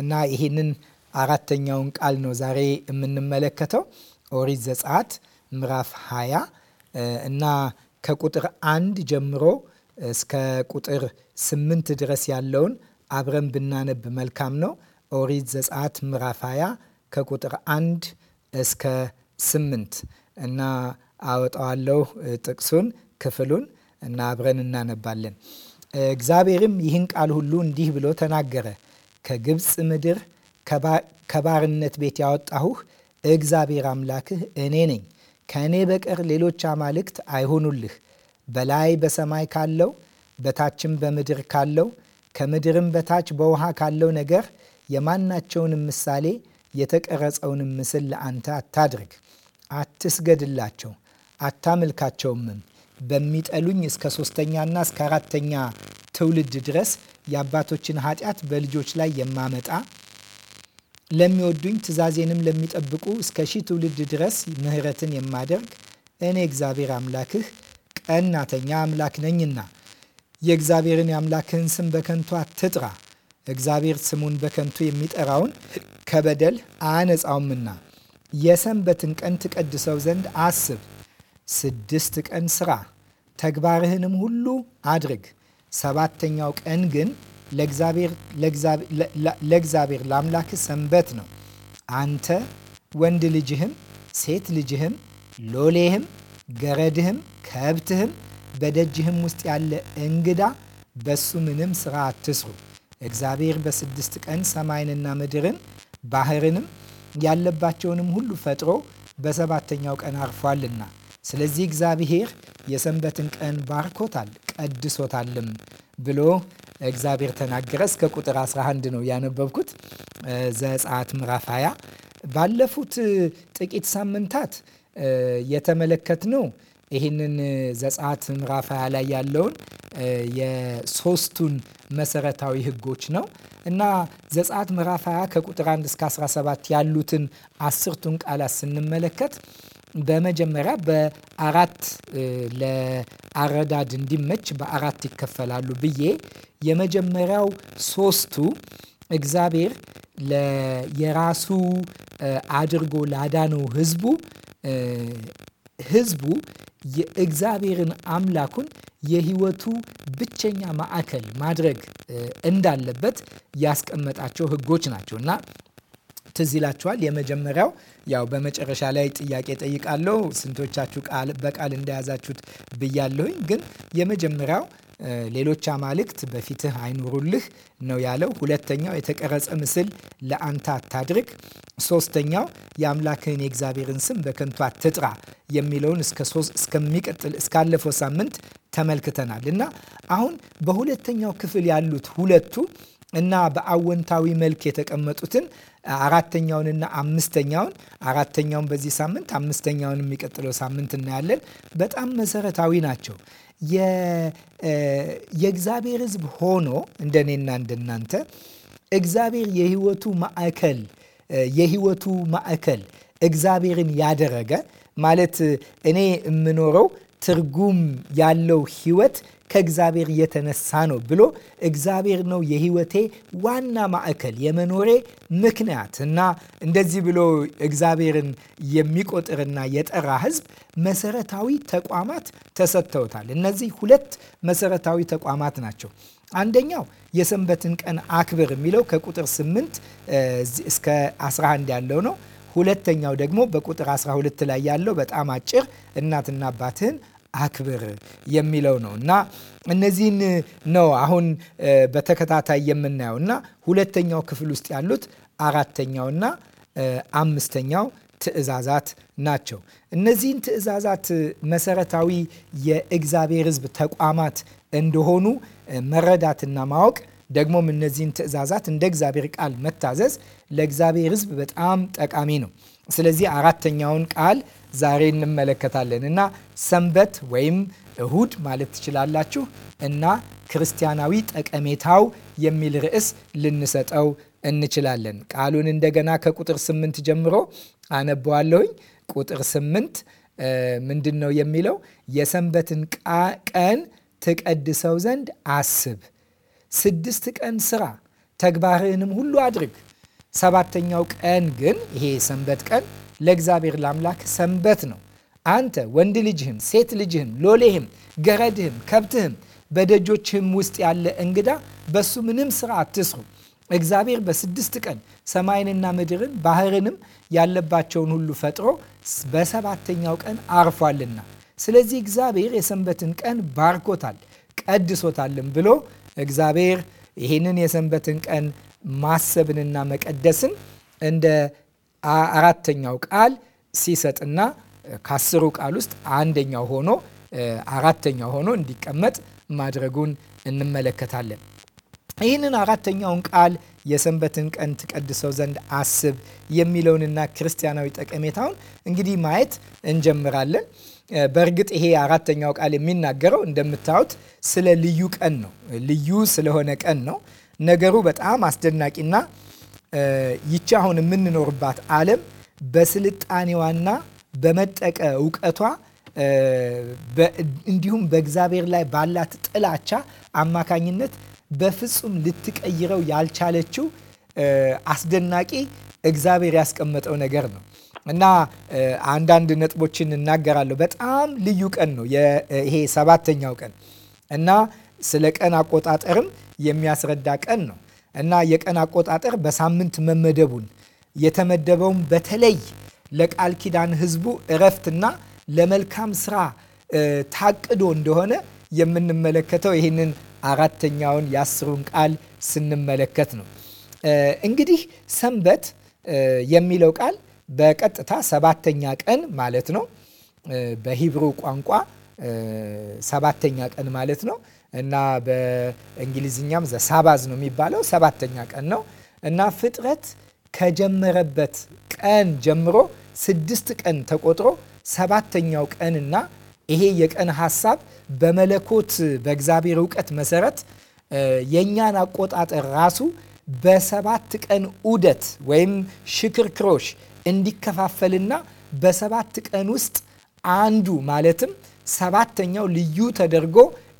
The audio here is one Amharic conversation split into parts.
እና ይህንን አራተኛውን ቃል ነው ዛሬ የምንመለከተው ኦሪት ዘጸአት ምዕራፍ 20 እና ከቁጥር አንድ ጀምሮ እስከ ቁጥር ስምንት ድረስ ያለውን አብረን ብናነብ መልካም ነው። ኦሪት ዘጸአት ምዕራፍ 20 ከቁጥር አንድ እስከ ስምንት እና አወጣዋለሁ ጥቅሱን ክፍሉን እና አብረን እናነባለን። እግዚአብሔርም ይህን ቃል ሁሉ እንዲህ ብሎ ተናገረ ከግብፅ ምድር ከባርነት ቤት ያወጣሁህ እግዚአብሔር አምላክህ እኔ ነኝ። ከእኔ በቀር ሌሎች አማልክት አይሆኑልህ። በላይ በሰማይ ካለው በታችም በምድር ካለው ከምድርም በታች በውሃ ካለው ነገር የማናቸውንም ምሳሌ የተቀረጸውንም ምስል ለአንተ አታድርግ። አትስገድላቸው፣ አታምልካቸውምም በሚጠሉኝ እስከ ሶስተኛና እስከ አራተኛ ትውልድ ድረስ የአባቶችን ኃጢአት በልጆች ላይ የማመጣ ለሚወዱኝ ትእዛዜንም ለሚጠብቁ እስከ ሺህ ትውልድ ድረስ ምሕረትን የማደርግ እኔ እግዚአብሔር አምላክህ ቀናተኛ አምላክ ነኝና የእግዚአብሔርን የአምላክህን ስም በከንቱ አትጥራ። እግዚአብሔር ስሙን በከንቱ የሚጠራውን ከበደል አያነጻውምና የሰንበትን ቀን ትቀድሰው ዘንድ አስብ። ስድስት ቀን ስራ ተግባርህንም ሁሉ አድርግ። ሰባተኛው ቀን ግን ለእግዚአብሔር ለአምላክ ሰንበት ነው። አንተ ወንድ ልጅህም ሴት ልጅህም ሎሌህም ገረድህም ከብትህም በደጅህም ውስጥ ያለ እንግዳ በሱ ምንም ስራ አትስሩ። እግዚአብሔር በስድስት ቀን ሰማይንና ምድርን ባህርንም ያለባቸውንም ሁሉ ፈጥሮ በሰባተኛው ቀን አርፏልና። ስለዚህ እግዚአብሔር የሰንበትን ቀን ባርኮታል ቀድሶታልም ብሎ እግዚአብሔር ተናገረ። እስከ ቁጥር 11 ነው ያነበብኩት ዘጸአት ምዕራፍ 20። ባለፉት ጥቂት ሳምንታት የተመለከትነው ይህንን ዘጸአት ምዕራፍ 20 ላይ ያለውን የሶስቱን መሰረታዊ ህጎች ነው እና ዘጸአት ምዕራፍ 20 ከቁጥር 1 እስከ 17 ያሉትን አስርቱን ቃላት ስንመለከት በመጀመሪያ በአራት ለአረዳድ እንዲመች በአራት ይከፈላሉ ብዬ የመጀመሪያው ሶስቱ እግዚአብሔር የራሱ አድርጎ ላዳነው ህዝቡ ህዝቡ የእግዚአብሔርን አምላኩን የህይወቱ ብቸኛ ማዕከል ማድረግ እንዳለበት ያስቀመጣቸው ህጎች ናቸው እና ትዝ ይላችኋል። የመጀመሪያው ያው በመጨረሻ ላይ ጥያቄ ጠይቃለሁ፣ ስንቶቻችሁ ቃል በቃል እንደያዛችሁት ብያለሁኝ። ግን የመጀመሪያው ሌሎች አማልክት በፊትህ አይኑሩልህ ነው ያለው። ሁለተኛው የተቀረጸ ምስል ለአንተ አታድርግ። ሶስተኛው የአምላክህን የእግዚአብሔርን ስም በከንቱ አትጥራ የሚለውን እስከሚቀጥል እስካለፈው ሳምንት ተመልክተናል እና አሁን በሁለተኛው ክፍል ያሉት ሁለቱ እና በአወንታዊ መልክ የተቀመጡትን አራተኛውንና አምስተኛውን አራተኛውን በዚህ ሳምንት አምስተኛውን የሚቀጥለው ሳምንት እናያለን። በጣም መሰረታዊ ናቸው። የእግዚአብሔር ሕዝብ ሆኖ እንደኔና እንደናንተ እግዚአብሔር የህይወቱ ማዕከል የህይወቱ ማዕከል እግዚአብሔርን ያደረገ ማለት እኔ የምኖረው ትርጉም ያለው ህይወት ከእግዚአብሔር የተነሳ ነው ብሎ እግዚአብሔር ነው የህይወቴ ዋና ማዕከል የመኖሬ ምክንያት እና እንደዚህ ብሎ እግዚአብሔርን የሚቆጥርና የጠራ ህዝብ መሰረታዊ ተቋማት ተሰጥተውታል። እነዚህ ሁለት መሰረታዊ ተቋማት ናቸው። አንደኛው የሰንበትን ቀን አክብር የሚለው ከቁጥር 8 እስከ 11 ያለው ነው። ሁለተኛው ደግሞ በቁጥር 12 ላይ ያለው በጣም አጭር እናትና አባትህን አክብር የሚለው ነው እና እነዚህን ነው አሁን በተከታታይ የምናየው እና ሁለተኛው ክፍል ውስጥ ያሉት አራተኛውና አምስተኛው ትእዛዛት ናቸው። እነዚህን ትእዛዛት መሰረታዊ የእግዚአብሔር ሕዝብ ተቋማት እንደሆኑ መረዳትና ማወቅ ደግሞም እነዚህን ትእዛዛት እንደ እግዚአብሔር ቃል መታዘዝ ለእግዚአብሔር ሕዝብ በጣም ጠቃሚ ነው። ስለዚህ አራተኛውን ቃል ዛሬ እንመለከታለን እና ሰንበት ወይም እሁድ ማለት ትችላላችሁ እና ክርስቲያናዊ ጠቀሜታው የሚል ርዕስ ልንሰጠው እንችላለን። ቃሉን እንደገና ከቁጥር ስምንት ጀምሮ አነበዋለሁኝ። ቁጥር ስምንት ምንድን ነው የሚለው? የሰንበትን ቀን ትቀድሰው ዘንድ አስብ፣ ስድስት ቀን ስራ፣ ተግባርህንም ሁሉ አድርግ፣ ሰባተኛው ቀን ግን ይሄ ሰንበት ቀን ለእግዚአብሔር ለአምላክ ሰንበት ነው። አንተ ወንድ ልጅህም ሴት ልጅህም ሎሌህም ገረድህም ከብትህም በደጆችህም ውስጥ ያለ እንግዳ በሱ ምንም ስራ አትስሩ። እግዚአብሔር በስድስት ቀን ሰማይንና ምድርን ባህርንም ያለባቸውን ሁሉ ፈጥሮ በሰባተኛው ቀን አርፏልና ስለዚህ እግዚአብሔር የሰንበትን ቀን ባርኮታል ቀድሶታልም ብሎ እግዚአብሔር ይህንን የሰንበትን ቀን ማሰብንና መቀደስን እንደ አራተኛው ቃል ሲሰጥና ከአስሩ ቃል ውስጥ አንደኛው ሆኖ አራተኛው ሆኖ እንዲቀመጥ ማድረጉን እንመለከታለን። ይህንን አራተኛውን ቃል የሰንበትን ቀን ትቀድሰው ዘንድ አስብ የሚለውንና ክርስቲያናዊ ጠቀሜታውን እንግዲህ ማየት እንጀምራለን። በእርግጥ ይሄ አራተኛው ቃል የሚናገረው እንደምታዩት ስለ ልዩ ቀን ነው። ልዩ ስለሆነ ቀን ነው። ነገሩ በጣም አስደናቂና ይቺ አሁን የምንኖርባት ዓለም በስልጣኔዋና በመጠቀ እውቀቷ እንዲሁም በእግዚአብሔር ላይ ባላት ጥላቻ አማካኝነት በፍጹም ልትቀይረው ያልቻለችው አስደናቂ እግዚአብሔር ያስቀመጠው ነገር ነው እና አንዳንድ ነጥቦችን እናገራለሁ። በጣም ልዩ ቀን ነው ይሄ ሰባተኛው ቀን እና ስለ ቀን አቆጣጠርም የሚያስረዳ ቀን ነው እና የቀን አቆጣጠር በሳምንት መመደቡን የተመደበውን በተለይ ለቃል ኪዳን ህዝቡ እረፍትና ለመልካም ስራ ታቅዶ እንደሆነ የምንመለከተው ይህንን አራተኛውን የአስሩን ቃል ስንመለከት ነው። እንግዲህ ሰንበት የሚለው ቃል በቀጥታ ሰባተኛ ቀን ማለት ነው በሂብሩ ቋንቋ ሰባተኛ ቀን ማለት ነው እና በእንግሊዝኛም ዘሳባዝ ነው የሚባለው ሰባተኛ ቀን ነው እና ፍጥረት ከጀመረበት ቀን ጀምሮ ስድስት ቀን ተቆጥሮ ሰባተኛው ቀንና ይሄ የቀን ሀሳብ በመለኮት በእግዚአብሔር እውቀት መሰረት የእኛን አቆጣጠር ራሱ በሰባት ቀን ዑደት ወይም ሽክርክሮሽ እንዲከፋፈልና በሰባት ቀን ውስጥ አንዱ ማለትም ሰባተኛው ልዩ ተደርጎ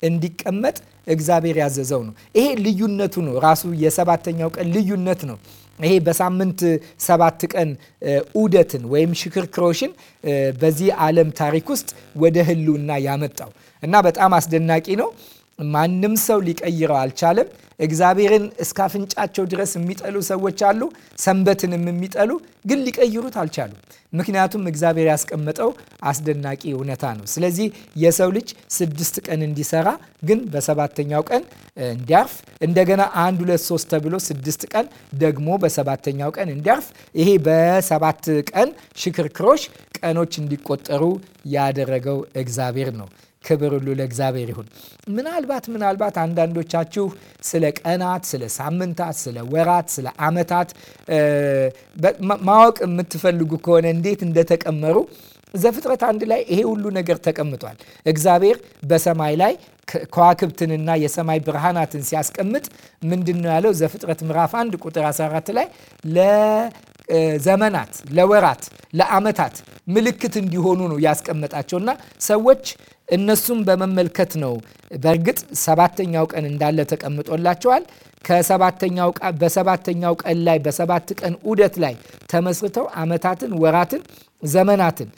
እንዲቀመጥ እግዚአብሔር ያዘዘው ነው። ይሄ ልዩነቱ ነው። ራሱ የሰባተኛው ቀን ልዩነት ነው። ይሄ በሳምንት ሰባት ቀን ዑደትን ወይም ሽክርክሮሽን በዚህ ዓለም ታሪክ ውስጥ ወደ ህልውና ያመጣው እና በጣም አስደናቂ ነው። ማንም ሰው ሊቀይረው አልቻለም። እግዚአብሔርን እስከ አፍንጫቸው ድረስ የሚጠሉ ሰዎች አሉ፣ ሰንበትንም የሚጠሉ ግን ሊቀይሩት አልቻሉም። ምክንያቱም እግዚአብሔር ያስቀመጠው አስደናቂ እውነታ ነው። ስለዚህ የሰው ልጅ ስድስት ቀን እንዲሰራ ግን በሰባተኛው ቀን እንዲያርፍ፣ እንደገና አንድ ሁለት ሶስት ተብሎ ስድስት ቀን ደግሞ በሰባተኛው ቀን እንዲያርፍ፣ ይሄ በሰባት ቀን ሽክርክሮሽ ቀኖች እንዲቆጠሩ ያደረገው እግዚአብሔር ነው። ክብር ሁሉ ለእግዚአብሔር ይሁን። ምናልባት ምናልባት አንዳንዶቻችሁ ስለ ቀናት፣ ስለ ሳምንታት፣ ስለ ወራት፣ ስለ ዓመታት ማወቅ የምትፈልጉ ከሆነ እንዴት እንደተቀመሩ ዘፍጥረት አንድ ላይ ይሄ ሁሉ ነገር ተቀምጧል። እግዚአብሔር በሰማይ ላይ ከዋክብትንና የሰማይ ብርሃናትን ሲያስቀምጥ ምንድን ነው ያለው? ዘፍጥረት ምዕራፍ 1 ቁጥር 14 ላይ ለዘመናት፣ ለወራት፣ ለዓመታት ምልክት እንዲሆኑ ነው ያስቀመጣቸውና ሰዎች እነሱም በመመልከት ነው። በእርግጥ ሰባተኛው ቀን እንዳለ ተቀምጦላቸዋል። ከሰባተኛው በሰባተኛው ቀን ላይ በሰባት ቀን ዑደት ላይ ተመስርተው ዓመታትን፣ ወራትን፣ ዘመናትን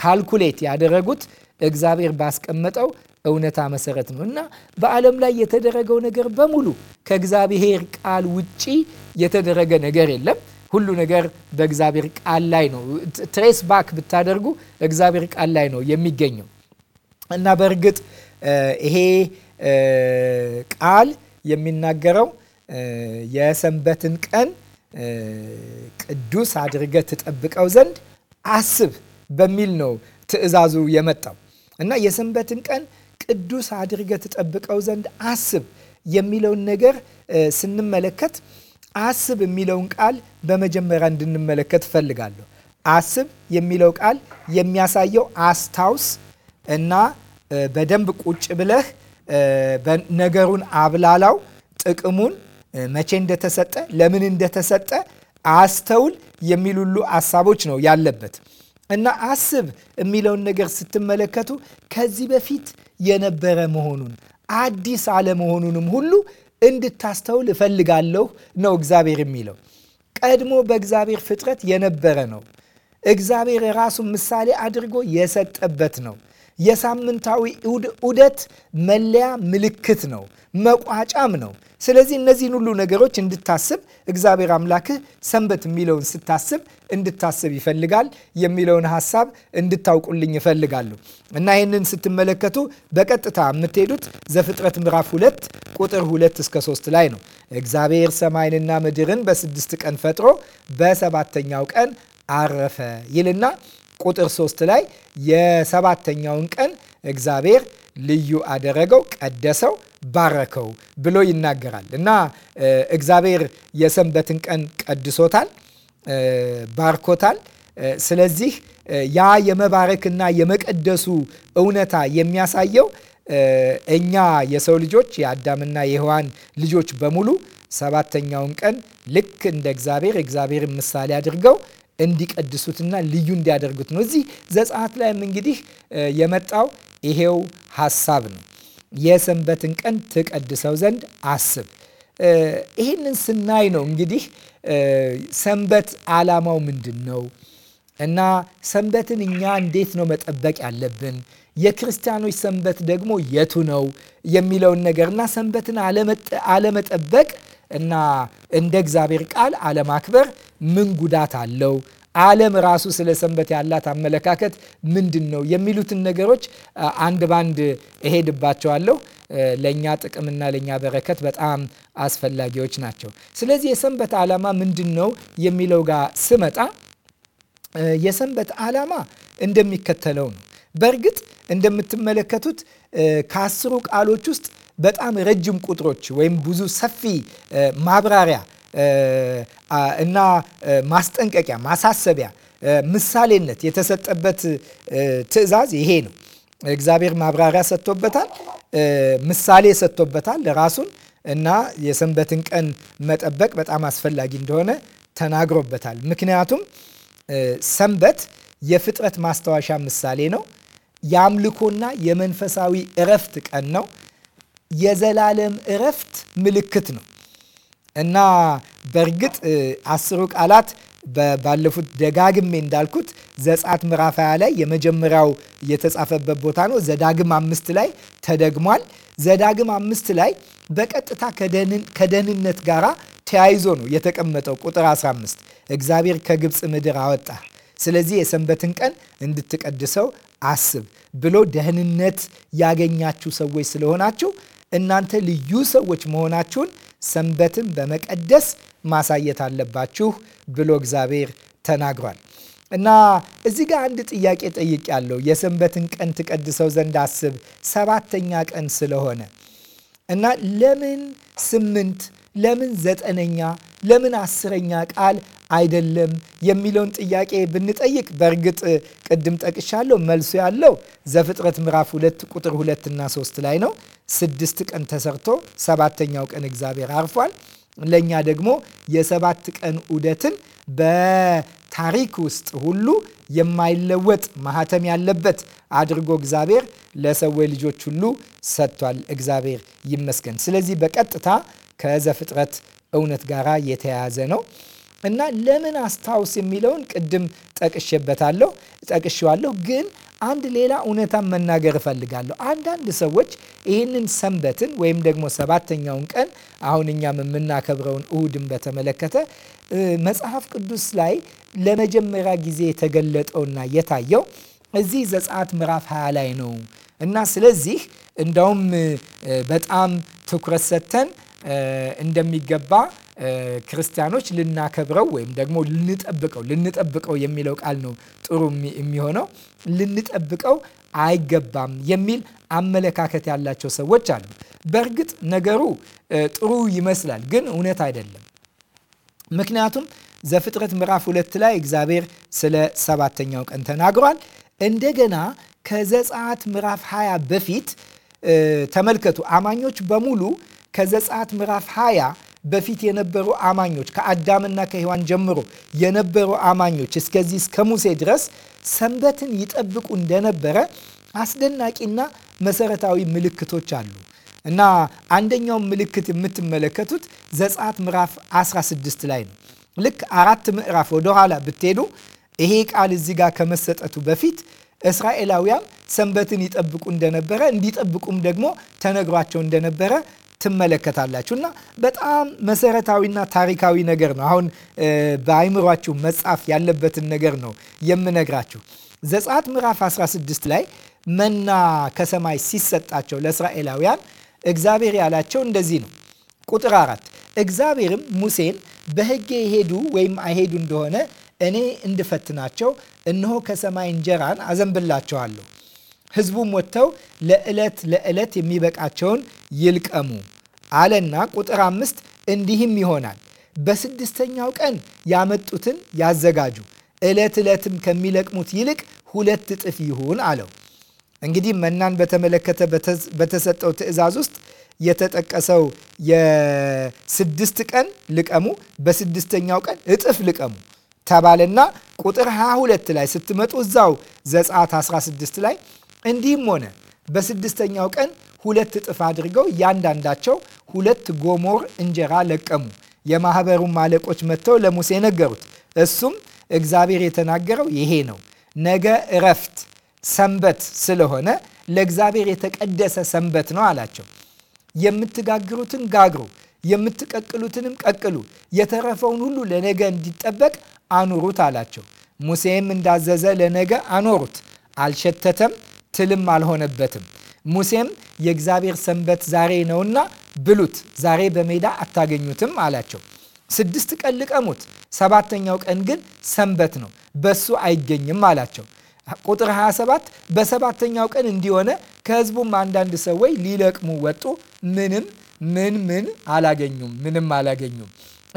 ካልኩሌት ያደረጉት እግዚአብሔር ባስቀመጠው እውነታ መሰረት ነው እና በዓለም ላይ የተደረገው ነገር በሙሉ ከእግዚአብሔር ቃል ውጪ የተደረገ ነገር የለም። ሁሉ ነገር በእግዚአብሔር ቃል ላይ ነው። ትሬስ ባክ ብታደርጉ እግዚአብሔር ቃል ላይ ነው የሚገኘው። እና በእርግጥ ይሄ ቃል የሚናገረው የሰንበትን ቀን ቅዱስ አድርገ ትጠብቀው ዘንድ አስብ በሚል ነው ትዕዛዙ የመጣው እና የሰንበትን ቀን ቅዱስ አድርገ ትጠብቀው ዘንድ አስብ የሚለውን ነገር ስንመለከት አስብ የሚለውን ቃል በመጀመሪያ እንድንመለከት እፈልጋለሁ። አስብ የሚለው ቃል የሚያሳየው አስታውስ እና በደንብ ቁጭ ብለህ ነገሩን አብላላው፣ ጥቅሙን መቼ እንደተሰጠ ለምን እንደተሰጠ አስተውል የሚል ሁሉ ሀሳቦች ነው ያለበት እና አስብ የሚለውን ነገር ስትመለከቱ ከዚህ በፊት የነበረ መሆኑን አዲስ አለመሆኑንም ሁሉ እንድታስተውል እፈልጋለሁ ነው እግዚአብሔር የሚለው። ቀድሞ በእግዚአብሔር ፍጥረት የነበረ ነው። እግዚአብሔር የራሱን ምሳሌ አድርጎ የሰጠበት ነው። የሳምንታዊ ዑደት መለያ ምልክት ነው፣ መቋጫም ነው። ስለዚህ እነዚህን ሁሉ ነገሮች እንድታስብ እግዚአብሔር አምላክህ ሰንበት የሚለውን ስታስብ እንድታስብ ይፈልጋል የሚለውን ሀሳብ እንድታውቁልኝ ይፈልጋሉ እና ይህንን ስትመለከቱ በቀጥታ የምትሄዱት ዘፍጥረት ምዕራፍ ሁለት ቁጥር ሁለት እስከ ሶስት ላይ ነው። እግዚአብሔር ሰማይንና ምድርን በስድስት ቀን ፈጥሮ በሰባተኛው ቀን አረፈ ይልና ቁጥር ሶስት ላይ የሰባተኛውን ቀን እግዚአብሔር ልዩ አደረገው፣ ቀደሰው፣ ባረከው ብሎ ይናገራል እና እግዚአብሔር የሰንበትን ቀን ቀድሶታል፣ ባርኮታል። ስለዚህ ያ የመባረክና የመቀደሱ እውነታ የሚያሳየው እኛ የሰው ልጆች የአዳምና የሔዋን ልጆች በሙሉ ሰባተኛውን ቀን ልክ እንደ እግዚአብሔር እግዚአብሔርን ምሳሌ አድርገው እንዲቀድሱትና ልዩ እንዲያደርጉት ነው። እዚህ ዘጸአት ላይም እንግዲህ የመጣው ይሄው ሀሳብ ነው። የሰንበትን ቀን ትቀድሰው ዘንድ አስብ። ይህንን ስናይ ነው እንግዲህ ሰንበት ዓላማው ምንድን ነው እና ሰንበትን እኛ እንዴት ነው መጠበቅ ያለብን፣ የክርስቲያኖች ሰንበት ደግሞ የቱ ነው የሚለውን ነገር እና ሰንበትን አለመጠበቅ እና እንደ እግዚአብሔር ቃል አለማክበር ምን ጉዳት አለው? ዓለም ራሱ ስለ ሰንበት ያላት አመለካከት ምንድን ነው? የሚሉትን ነገሮች አንድ ባንድ እሄድባቸዋለሁ። ለእኛ ጥቅምና ለእኛ በረከት በጣም አስፈላጊዎች ናቸው። ስለዚህ የሰንበት ዓላማ ምንድን ነው የሚለው ጋር ስመጣ የሰንበት ዓላማ እንደሚከተለው ነው። በእርግጥ እንደምትመለከቱት ከአስሩ ቃሎች ውስጥ በጣም ረጅም ቁጥሮች ወይም ብዙ ሰፊ ማብራሪያ እና ማስጠንቀቂያ፣ ማሳሰቢያ፣ ምሳሌነት የተሰጠበት ትዕዛዝ ይሄ ነው። እግዚአብሔር ማብራሪያ ሰጥቶበታል፣ ምሳሌ ሰጥቶበታል ራሱን እና የሰንበትን ቀን መጠበቅ በጣም አስፈላጊ እንደሆነ ተናግሮበታል። ምክንያቱም ሰንበት የፍጥረት ማስታወሻ ምሳሌ ነው። የአምልኮና የመንፈሳዊ እረፍት ቀን ነው። የዘላለም እረፍት ምልክት ነው። እና በእርግጥ አስሩ ቃላት ባለፉት ደጋግሜ እንዳልኩት ዘጻት ምዕራፍ ላይ የመጀመሪያው የተጻፈበት ቦታ ነው። ዘዳግም አምስት ላይ ተደግሟል። ዘዳግም አምስት ላይ በቀጥታ ከደህንነት ጋራ ተያይዞ ነው የተቀመጠው። ቁጥር 15 እግዚአብሔር ከግብፅ ምድር አወጣ፣ ስለዚህ የሰንበትን ቀን እንድትቀድሰው አስብ ብሎ ደህንነት ያገኛችሁ ሰዎች ስለሆናችሁ እናንተ ልዩ ሰዎች መሆናችሁን ሰንበትን በመቀደስ ማሳየት አለባችሁ ብሎ እግዚአብሔር ተናግሯል። እና እዚህ ጋር አንድ ጥያቄ ጠይቅ ያለው የሰንበትን ቀን ትቀድሰው ዘንድ አስብ ሰባተኛ ቀን ስለሆነ እና ለምን ስምንት ለምን ዘጠነኛ ለምን አስረኛ ቃል አይደለም የሚለውን ጥያቄ ብንጠይቅ በእርግጥ ቅድም ጠቅሻለሁ መልሱ ያለው ዘፍጥረት ምዕራፍ ሁለት ቁጥር ሁለትና ሶስት ላይ ነው። ስድስት ቀን ተሰርቶ ሰባተኛው ቀን እግዚአብሔር አርፏል። ለእኛ ደግሞ የሰባት ቀን ዑደትን በታሪክ ውስጥ ሁሉ የማይለወጥ ማህተም ያለበት አድርጎ እግዚአብሔር ለሰዎች ልጆች ሁሉ ሰጥቷል። እግዚአብሔር ይመስገን። ስለዚህ በቀጥታ ከዘፍጥረት እውነት ጋራ የተያያዘ ነው እና ለምን አስታውስ የሚለውን ቅድም ጠቅሼበታለሁ ጠቅሼዋለሁ ግን አንድ ሌላ እውነታን መናገር እፈልጋለሁ። አንዳንድ ሰዎች ይህንን ሰንበትን ወይም ደግሞ ሰባተኛውን ቀን አሁን እኛም የምናከብረውን እሁድን በተመለከተ መጽሐፍ ቅዱስ ላይ ለመጀመሪያ ጊዜ የተገለጠውና የታየው እዚህ ዘጸአት ምዕራፍ 20 ላይ ነው እና ስለዚህ እንደውም በጣም ትኩረት ሰጥተን እንደሚገባ ክርስቲያኖች ልናከብረው ወይም ደግሞ ልንጠብቀው ልንጠብቀው የሚለው ቃል ነው ጥሩ የሚሆነው ልንጠብቀው አይገባም የሚል አመለካከት ያላቸው ሰዎች አሉ። በእርግጥ ነገሩ ጥሩ ይመስላል፣ ግን እውነት አይደለም። ምክንያቱም ዘፍጥረት ምዕራፍ ሁለት ላይ እግዚአብሔር ስለ ሰባተኛው ቀን ተናግሯል። እንደገና ከዘጸአት ምዕራፍ 20 በፊት ተመልከቱ አማኞች በሙሉ ከዘጸአት ምዕራፍ 20 በፊት የነበሩ አማኞች ከአዳምና ከሔዋን ጀምሮ የነበሩ አማኞች እስከዚህ እስከ ሙሴ ድረስ ሰንበትን ይጠብቁ እንደነበረ አስደናቂና መሰረታዊ ምልክቶች አሉ እና አንደኛው ምልክት የምትመለከቱት ዘጸአት ምዕራፍ 16 ላይ ነው። ልክ አራት ምዕራፍ ወደኋላ ብትሄዱ ይሄ ቃል እዚህ ጋር ከመሰጠቱ በፊት እስራኤላውያን ሰንበትን ይጠብቁ እንደነበረ እንዲጠብቁም ደግሞ ተነግሯቸው እንደነበረ ትመለከታላችሁ እና በጣም መሰረታዊና ታሪካዊ ነገር ነው። አሁን በአይምሯችሁ መጻፍ ያለበትን ነገር ነው የምነግራችሁ። ዘጸአት ምዕራፍ 16 ላይ መና ከሰማይ ሲሰጣቸው ለእስራኤላውያን እግዚአብሔር ያላቸው እንደዚህ ነው። ቁጥር አራት እግዚአብሔርም ሙሴን በሕጌ ሄዱ ወይም አይሄዱ እንደሆነ እኔ እንድፈትናቸው እነሆ ከሰማይ እንጀራን አዘንብላቸዋለሁ ህዝቡም ወጥተው ለዕለት ለዕለት የሚበቃቸውን ይልቀሙ አለና ቁጥር አምስት እንዲህም ይሆናል በስድስተኛው ቀን ያመጡትን ያዘጋጁ ዕለት ዕለትም ከሚለቅሙት ይልቅ ሁለት እጥፍ ይሁን አለው። እንግዲህ መናን በተመለከተ በተሰጠው ትእዛዝ ውስጥ የተጠቀሰው የስድስት ቀን ልቀሙ፣ በስድስተኛው ቀን እጥፍ ልቀሙ ተባለና ቁጥር 22 ላይ ስትመጡ እዛው ዘጸአት 16 ላይ እንዲህም ሆነ በስድስተኛው ቀን ሁለት እጥፍ አድርገው እያንዳንዳቸው ሁለት ጎሞር እንጀራ ለቀሙ። የማኅበሩም አለቆች መጥተው ለሙሴ ነገሩት። እሱም እግዚአብሔር የተናገረው ይሄ ነው፣ ነገ እረፍት ሰንበት ስለሆነ ለእግዚአብሔር የተቀደሰ ሰንበት ነው አላቸው። የምትጋግሩትን ጋግሩ፣ የምትቀቅሉትንም ቀቅሉ፣ የተረፈውን ሁሉ ለነገ እንዲጠበቅ አኑሩት አላቸው። ሙሴም እንዳዘዘ ለነገ አኖሩት፣ አልሸተተም። ትልም አልሆነበትም። ሙሴም የእግዚአብሔር ሰንበት ዛሬ ነውና ብሉት፣ ዛሬ በሜዳ አታገኙትም አላቸው። ስድስት ቀን ልቀሙት፣ ሰባተኛው ቀን ግን ሰንበት ነው፣ በሱ አይገኝም አላቸው። ቁጥር 27 በሰባተኛው ቀን እንዲሆነ ከህዝቡም አንዳንድ ሰዎች ሊለቅሙ ወጡ። ምንም ምን ምን አላገኙም፣ ምንም አላገኙም።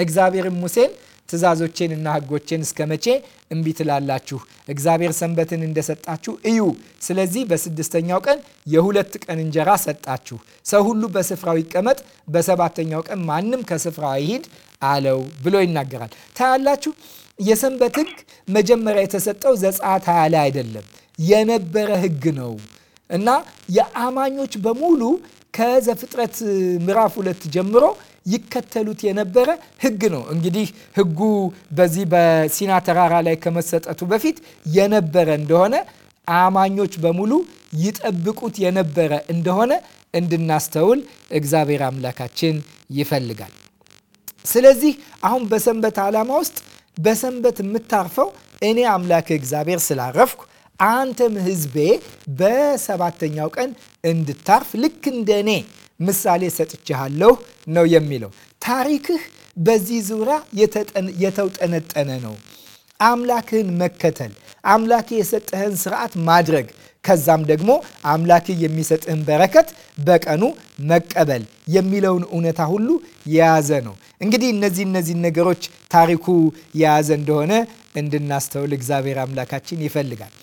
እግዚአብሔርም ሙሴን ትእዛዞቼንና ህጎቼን እስከ መቼ እምቢ ትላላችሁ? እግዚአብሔር ሰንበትን እንደሰጣችሁ እዩ። ስለዚህ በስድስተኛው ቀን የሁለት ቀን እንጀራ ሰጣችሁ። ሰው ሁሉ በስፍራው ይቀመጥ፣ በሰባተኛው ቀን ማንም ከስፍራው አይሂድ አለው ብሎ ይናገራል። ታያላችሁ፣ የሰንበት ህግ መጀመሪያ የተሰጠው ዘጸአት ሃያ ላይ አይደለም፣ የነበረ ህግ ነው እና የአማኞች በሙሉ ከዘፍጥረት ምዕራፍ ሁለት ጀምሮ ይከተሉት የነበረ ህግ ነው። እንግዲህ ህጉ በዚህ በሲና ተራራ ላይ ከመሰጠቱ በፊት የነበረ እንደሆነ አማኞች በሙሉ ይጠብቁት የነበረ እንደሆነ እንድናስተውል እግዚአብሔር አምላካችን ይፈልጋል። ስለዚህ አሁን በሰንበት ዓላማ ውስጥ በሰንበት የምታርፈው እኔ አምላክ እግዚአብሔር ስላረፍኩ አንተም ህዝቤ በሰባተኛው ቀን እንድታርፍ ልክ እንደ እኔ ምሳሌ ሰጥቼሃለሁ ነው የሚለው። ታሪክህ በዚህ ዙሪያ የተውጠነጠነ ነው። አምላክህን መከተል፣ አምላክህ የሰጠህን ስርዓት ማድረግ፣ ከዛም ደግሞ አምላክህ የሚሰጥህን በረከት በቀኑ መቀበል የሚለውን እውነታ ሁሉ የያዘ ነው። እንግዲህ እነዚህ እነዚህ ነገሮች ታሪኩ የያዘ እንደሆነ እንድናስተውል እግዚአብሔር አምላካችን ይፈልጋል።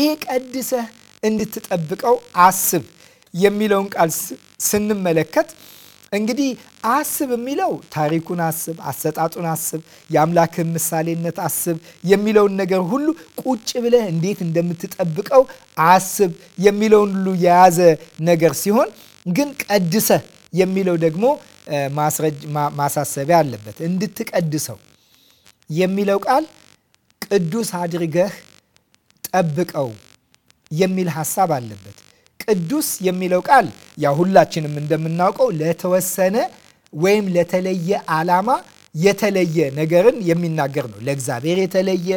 ይሄ ቀድሰህ እንድትጠብቀው አስብ የሚለውን ቃል ስንመለከት እንግዲህ አስብ የሚለው ታሪኩን አስብ፣ አሰጣጡን አስብ፣ የአምላክን ምሳሌነት አስብ የሚለውን ነገር ሁሉ ቁጭ ብለህ እንዴት እንደምትጠብቀው አስብ የሚለውን ሁሉ የያዘ ነገር ሲሆን ግን ቀድሰ የሚለው ደግሞ ማሳሰቢያ አለበት። እንድትቀድሰው የሚለው ቃል ቅዱስ አድርገህ ጠብቀው የሚል ሀሳብ አለበት። ቅዱስ የሚለው ቃል ያው ሁላችንም እንደምናውቀው ለተወሰነ ወይም ለተለየ ዓላማ የተለየ ነገርን የሚናገር ነው። ለእግዚአብሔር የተለየ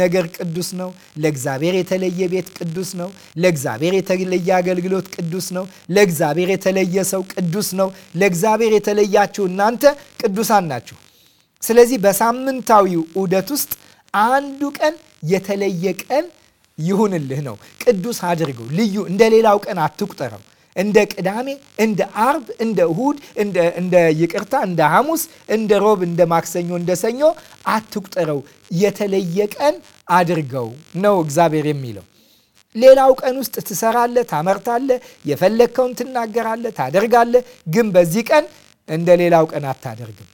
ነገር ቅዱስ ነው። ለእግዚአብሔር የተለየ ቤት ቅዱስ ነው። ለእግዚአብሔር የተለየ አገልግሎት ቅዱስ ነው። ለእግዚአብሔር የተለየ ሰው ቅዱስ ነው። ለእግዚአብሔር የተለያችሁ እናንተ ቅዱሳን ናችሁ። ስለዚህ በሳምንታዊው ዑደት ውስጥ አንዱ ቀን የተለየ ቀን ይሁንልህ ነው። ቅዱስ አድርገው፣ ልዩ እንደ ሌላው ቀን አትቁጠረው። እንደ ቅዳሜ፣ እንደ አርብ፣ እንደ እሁድ፣ እንደ ይቅርታ፣ እንደ ሐሙስ፣ እንደ ሮብ፣ እንደ ማክሰኞ፣ እንደ ሰኞ አትቁጠረው። የተለየ ቀን አድርገው ነው እግዚአብሔር የሚለው። ሌላው ቀን ውስጥ ትሰራለህ፣ ታመርታለህ፣ የፈለግከውን ትናገራለህ፣ ታደርጋለህ። ግን በዚህ ቀን እንደ ሌላው ቀን አታደርግም።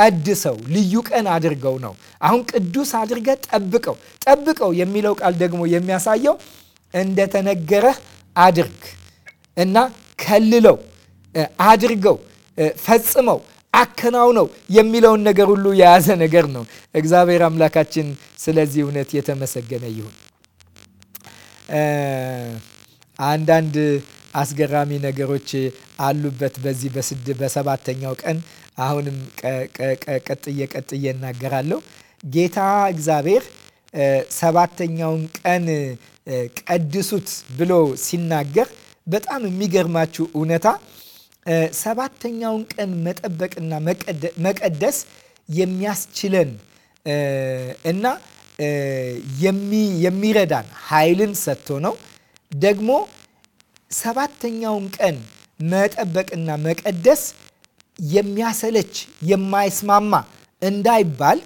ቀድሰው ልዩ ቀን አድርገው ነው። አሁን ቅዱስ አድርገ ጠብቀው። ጠብቀው የሚለው ቃል ደግሞ የሚያሳየው እንደተነገረህ አድርግ እና ከልለው አድርገው ፈጽመው አከናውነው የሚለውን ነገር ሁሉ የያዘ ነገር ነው። እግዚአብሔር አምላካችን ስለዚህ እውነት የተመሰገነ ይሁን። አንዳንድ አስገራሚ ነገሮች አሉበት። በዚህ በስድ በሰባተኛው ቀን አሁንም ቀጥዬ ቀጥዬ እናገራለሁ። ጌታ እግዚአብሔር ሰባተኛውን ቀን ቀድሱት ብሎ ሲናገር በጣም የሚገርማችሁ እውነታ ሰባተኛውን ቀን መጠበቅና መቀደስ የሚያስችለን እና የሚረዳን ኃይልን ሰጥቶ ነው። ደግሞ ሰባተኛውን ቀን መጠበቅና መቀደስ የሚያሰለች የማይስማማ እንዳይባል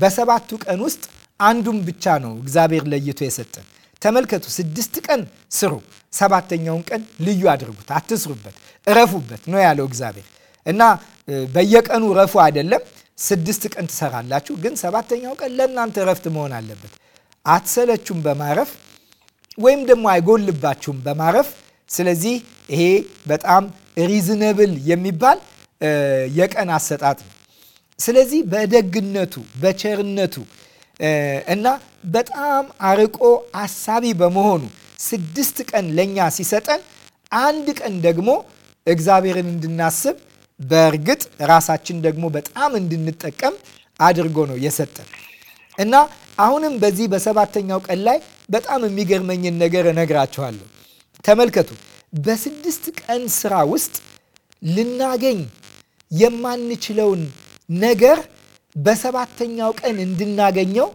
በሰባቱ ቀን ውስጥ አንዱን ብቻ ነው እግዚአብሔር ለይቶ የሰጠን። ተመልከቱ፣ ስድስት ቀን ስሩ፣ ሰባተኛውን ቀን ልዩ አድርጉት፣ አትስሩበት፣ እረፉበት ነው ያለው እግዚአብሔር እና በየቀኑ እረፉ አይደለም። ስድስት ቀን ትሰራላችሁ፣ ግን ሰባተኛው ቀን ለእናንተ እረፍት መሆን አለበት። አትሰለችሁም በማረፍ ወይም ደግሞ አይጎልባችሁም በማረፍ ስለዚህ ይሄ በጣም ሪዝነብል የሚባል የቀን አሰጣጥ ነው። ስለዚህ በደግነቱ በቸርነቱ እና በጣም አርቆ አሳቢ በመሆኑ ስድስት ቀን ለእኛ ሲሰጠን አንድ ቀን ደግሞ እግዚአብሔርን እንድናስብ በእርግጥ ራሳችን ደግሞ በጣም እንድንጠቀም አድርጎ ነው የሰጠን እና አሁንም በዚህ በሰባተኛው ቀን ላይ በጣም የሚገርመኝን ነገር እነግራችኋለሁ። ተመልከቱ። በስድስት ቀን ስራ ውስጥ ልናገኝ የማንችለውን ነገር በሰባተኛው ቀን እንድናገኘው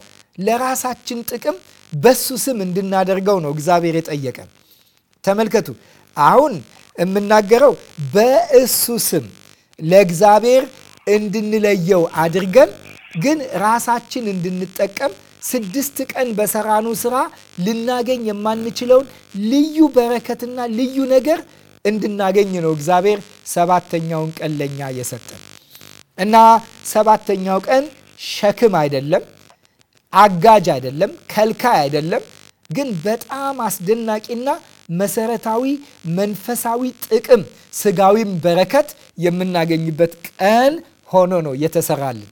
ለራሳችን ጥቅም በሱ ስም እንድናደርገው ነው እግዚአብሔር የጠየቀን። ተመልከቱ፣ አሁን የምናገረው በእሱ ስም ለእግዚአብሔር እንድንለየው አድርገን ግን ራሳችን እንድንጠቀም ስድስት ቀን በሰራኑ ስራ ልናገኝ የማንችለውን ልዩ በረከትና ልዩ ነገር እንድናገኝ ነው እግዚአብሔር ሰባተኛውን ቀን ለኛ የሰጠን እና ሰባተኛው ቀን ሸክም አይደለም፣ አጋጅ አይደለም፣ ከልካይ አይደለም። ግን በጣም አስደናቂና መሰረታዊ መንፈሳዊ ጥቅም ስጋዊም በረከት የምናገኝበት ቀን ሆኖ ነው የተሰራልን።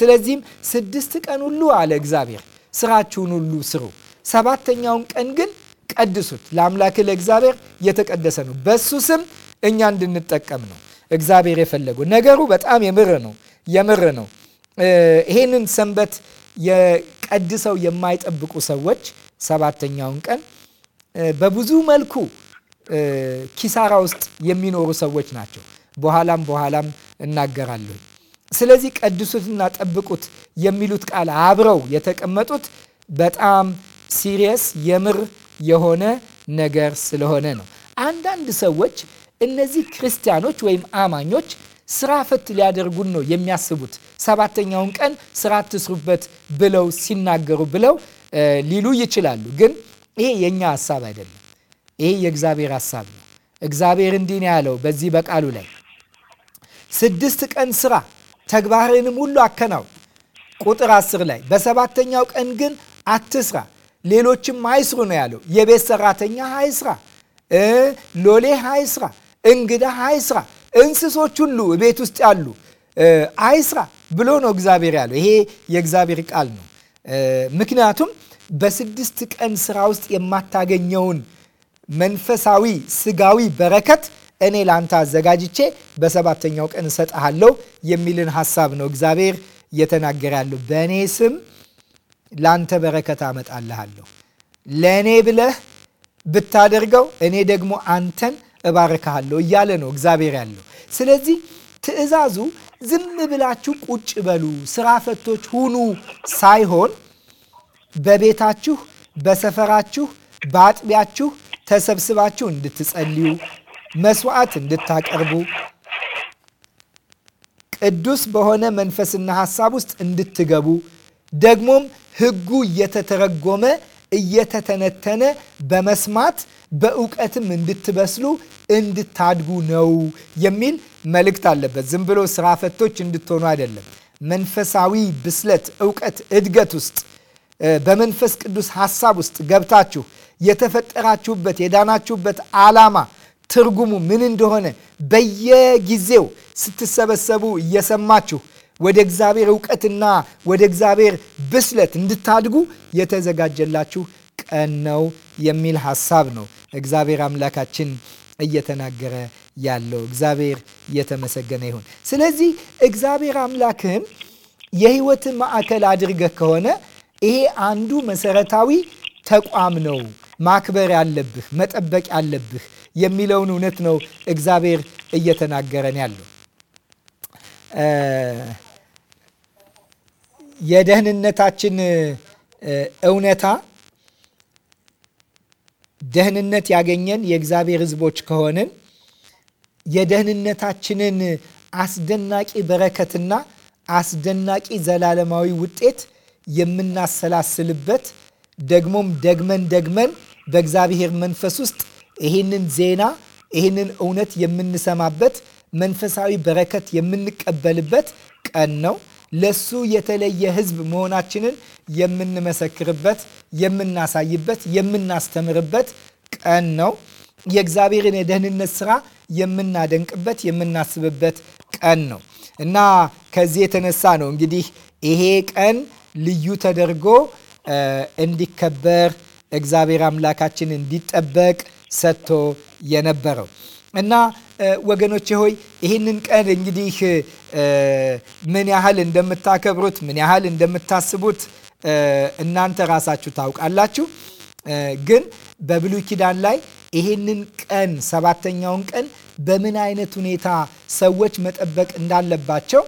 ስለዚህም ስድስት ቀን ሁሉ አለ እግዚአብሔር ስራችሁን ሁሉ ስሩ። ሰባተኛውን ቀን ግን ቀድሱት፣ ለአምላክ ለእግዚአብሔር የተቀደሰ ነው፣ በሱ ስም እኛ እንድንጠቀም ነው እግዚአብሔር የፈለገው። ነገሩ በጣም የምር ነው የምር ነው። ይሄንን ሰንበት የቀድሰው የማይጠብቁ ሰዎች ሰባተኛውን ቀን በብዙ መልኩ ኪሳራ ውስጥ የሚኖሩ ሰዎች ናቸው። በኋላም በኋላም እናገራለሁ። ስለዚህ ቀድሱትና ጠብቁት የሚሉት ቃል አብረው የተቀመጡት በጣም ሲሪየስ የምር የሆነ ነገር ስለሆነ ነው። አንዳንድ ሰዎች እነዚህ ክርስቲያኖች ወይም አማኞች ስራ ፈት ሊያደርጉን ነው የሚያስቡት፣ ሰባተኛውን ቀን ስራ አትስሩበት ብለው ሲናገሩ ብለው ሊሉ ይችላሉ። ግን ይሄ የእኛ ሀሳብ አይደለም። ይሄ የእግዚአብሔር ሀሳብ ነው። እግዚአብሔር እንዲህ ነው ያለው በዚህ በቃሉ ላይ ስድስት ቀን ስራ ተግባርንም ሁሉ አከናውን ቁጥር 10 ላይ በሰባተኛው ቀን ግን አትስራ፣ ሌሎችም አይስሩ ነው ያለው። የቤት ሰራተኛ አይስራ፣ ሎሌ አይስራ፣ እንግዳ አይስራ፣ እንስሶች ሁሉ ቤት ውስጥ ያሉ አይስራ ብሎ ነው እግዚአብሔር ያለው። ይሄ የእግዚአብሔር ቃል ነው። ምክንያቱም በስድስት ቀን ስራ ውስጥ የማታገኘውን መንፈሳዊ ስጋዊ በረከት እኔ ለአንተ አዘጋጅቼ በሰባተኛው ቀን እሰጥሃለሁ የሚልን ሀሳብ ነው እግዚአብሔር እየተናገረ ያለው በእኔ ስም ላንተ በረከት አመጣልሃለሁ። ለእኔ ብለህ ብታደርገው እኔ ደግሞ አንተን እባርካሃለሁ እያለ ነው እግዚአብሔር ያለው። ስለዚህ ትዕዛዙ ዝም ብላችሁ ቁጭ በሉ፣ ስራ ፈቶች ሁኑ ሳይሆን በቤታችሁ፣ በሰፈራችሁ፣ በአጥቢያችሁ ተሰብስባችሁ እንድትጸልዩ መስዋዕት እንድታቀርቡ ቅዱስ በሆነ መንፈስና ሀሳብ ውስጥ እንድትገቡ ደግሞም ሕጉ እየተተረጎመ እየተተነተነ በመስማት በእውቀትም እንድትበስሉ እንድታድጉ ነው የሚል መልእክት አለበት። ዝም ብሎ ስራ ፈቶች እንድትሆኑ አይደለም። መንፈሳዊ ብስለት፣ እውቀት፣ እድገት ውስጥ በመንፈስ ቅዱስ ሀሳብ ውስጥ ገብታችሁ የተፈጠራችሁበት የዳናችሁበት ዓላማ ትርጉሙ ምን እንደሆነ በየጊዜው ስትሰበሰቡ እየሰማችሁ ወደ እግዚአብሔር እውቀትና ወደ እግዚአብሔር ብስለት እንድታድጉ የተዘጋጀላችሁ ቀን ነው የሚል ሀሳብ ነው እግዚአብሔር አምላካችን እየተናገረ ያለው። እግዚአብሔር እየተመሰገነ ይሁን። ስለዚህ እግዚአብሔር አምላክህን የህይወትን ማዕከል አድርገህ ከሆነ ይሄ አንዱ መሰረታዊ ተቋም ነው ማክበር ያለብህ መጠበቅ ያለብህ የሚለውን እውነት ነው እግዚአብሔር እየተናገረን ያለው። የደህንነታችን እውነታ ደህንነት ያገኘን የእግዚአብሔር ሕዝቦች ከሆንን የደህንነታችንን አስደናቂ በረከትና አስደናቂ ዘላለማዊ ውጤት የምናሰላስልበት ደግሞም ደግመን ደግመን በእግዚአብሔር መንፈስ ውስጥ ይህንን ዜና ይህንን እውነት የምንሰማበት መንፈሳዊ በረከት የምንቀበልበት ቀን ነው። ለሱ የተለየ ህዝብ መሆናችንን የምንመሰክርበት፣ የምናሳይበት፣ የምናስተምርበት ቀን ነው። የእግዚአብሔርን የደህንነት ስራ የምናደንቅበት፣ የምናስብበት ቀን ነው እና ከዚህ የተነሳ ነው እንግዲህ ይሄ ቀን ልዩ ተደርጎ እንዲከበር እግዚአብሔር አምላካችን እንዲጠበቅ ሰጥቶ የነበረው እና ወገኖቼ ሆይ ይህንን ቀን እንግዲህ ምን ያህል እንደምታከብሩት ምን ያህል እንደምታስቡት እናንተ ራሳችሁ ታውቃላችሁ። ግን በብሉይ ኪዳን ላይ ይህንን ቀን ሰባተኛውን ቀን በምን አይነት ሁኔታ ሰዎች መጠበቅ እንዳለባቸው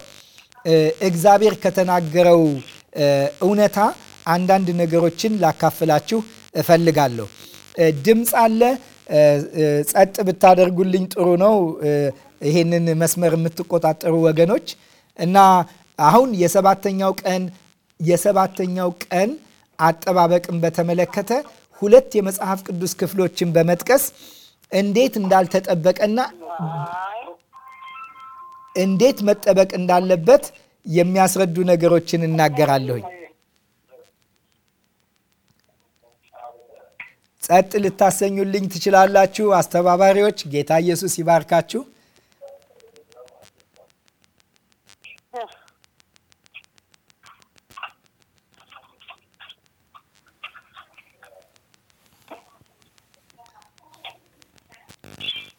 እግዚአብሔር ከተናገረው እውነታ አንዳንድ ነገሮችን ላካፍላችሁ እፈልጋለሁ። ድምፅ አለ ጸጥ ብታደርጉልኝ ጥሩ ነው፣ ይሄንን መስመር የምትቆጣጠሩ ወገኖች እና አሁን የሰባተኛው ቀን የሰባተኛው ቀን አጠባበቅን በተመለከተ ሁለት የመጽሐፍ ቅዱስ ክፍሎችን በመጥቀስ እንዴት እንዳልተጠበቀና እንዴት መጠበቅ እንዳለበት የሚያስረዱ ነገሮችን እናገራለሁኝ። ጸጥ ልታሰኙልኝ ትችላላችሁ? አስተባባሪዎች፣ ጌታ ኢየሱስ ይባርካችሁ።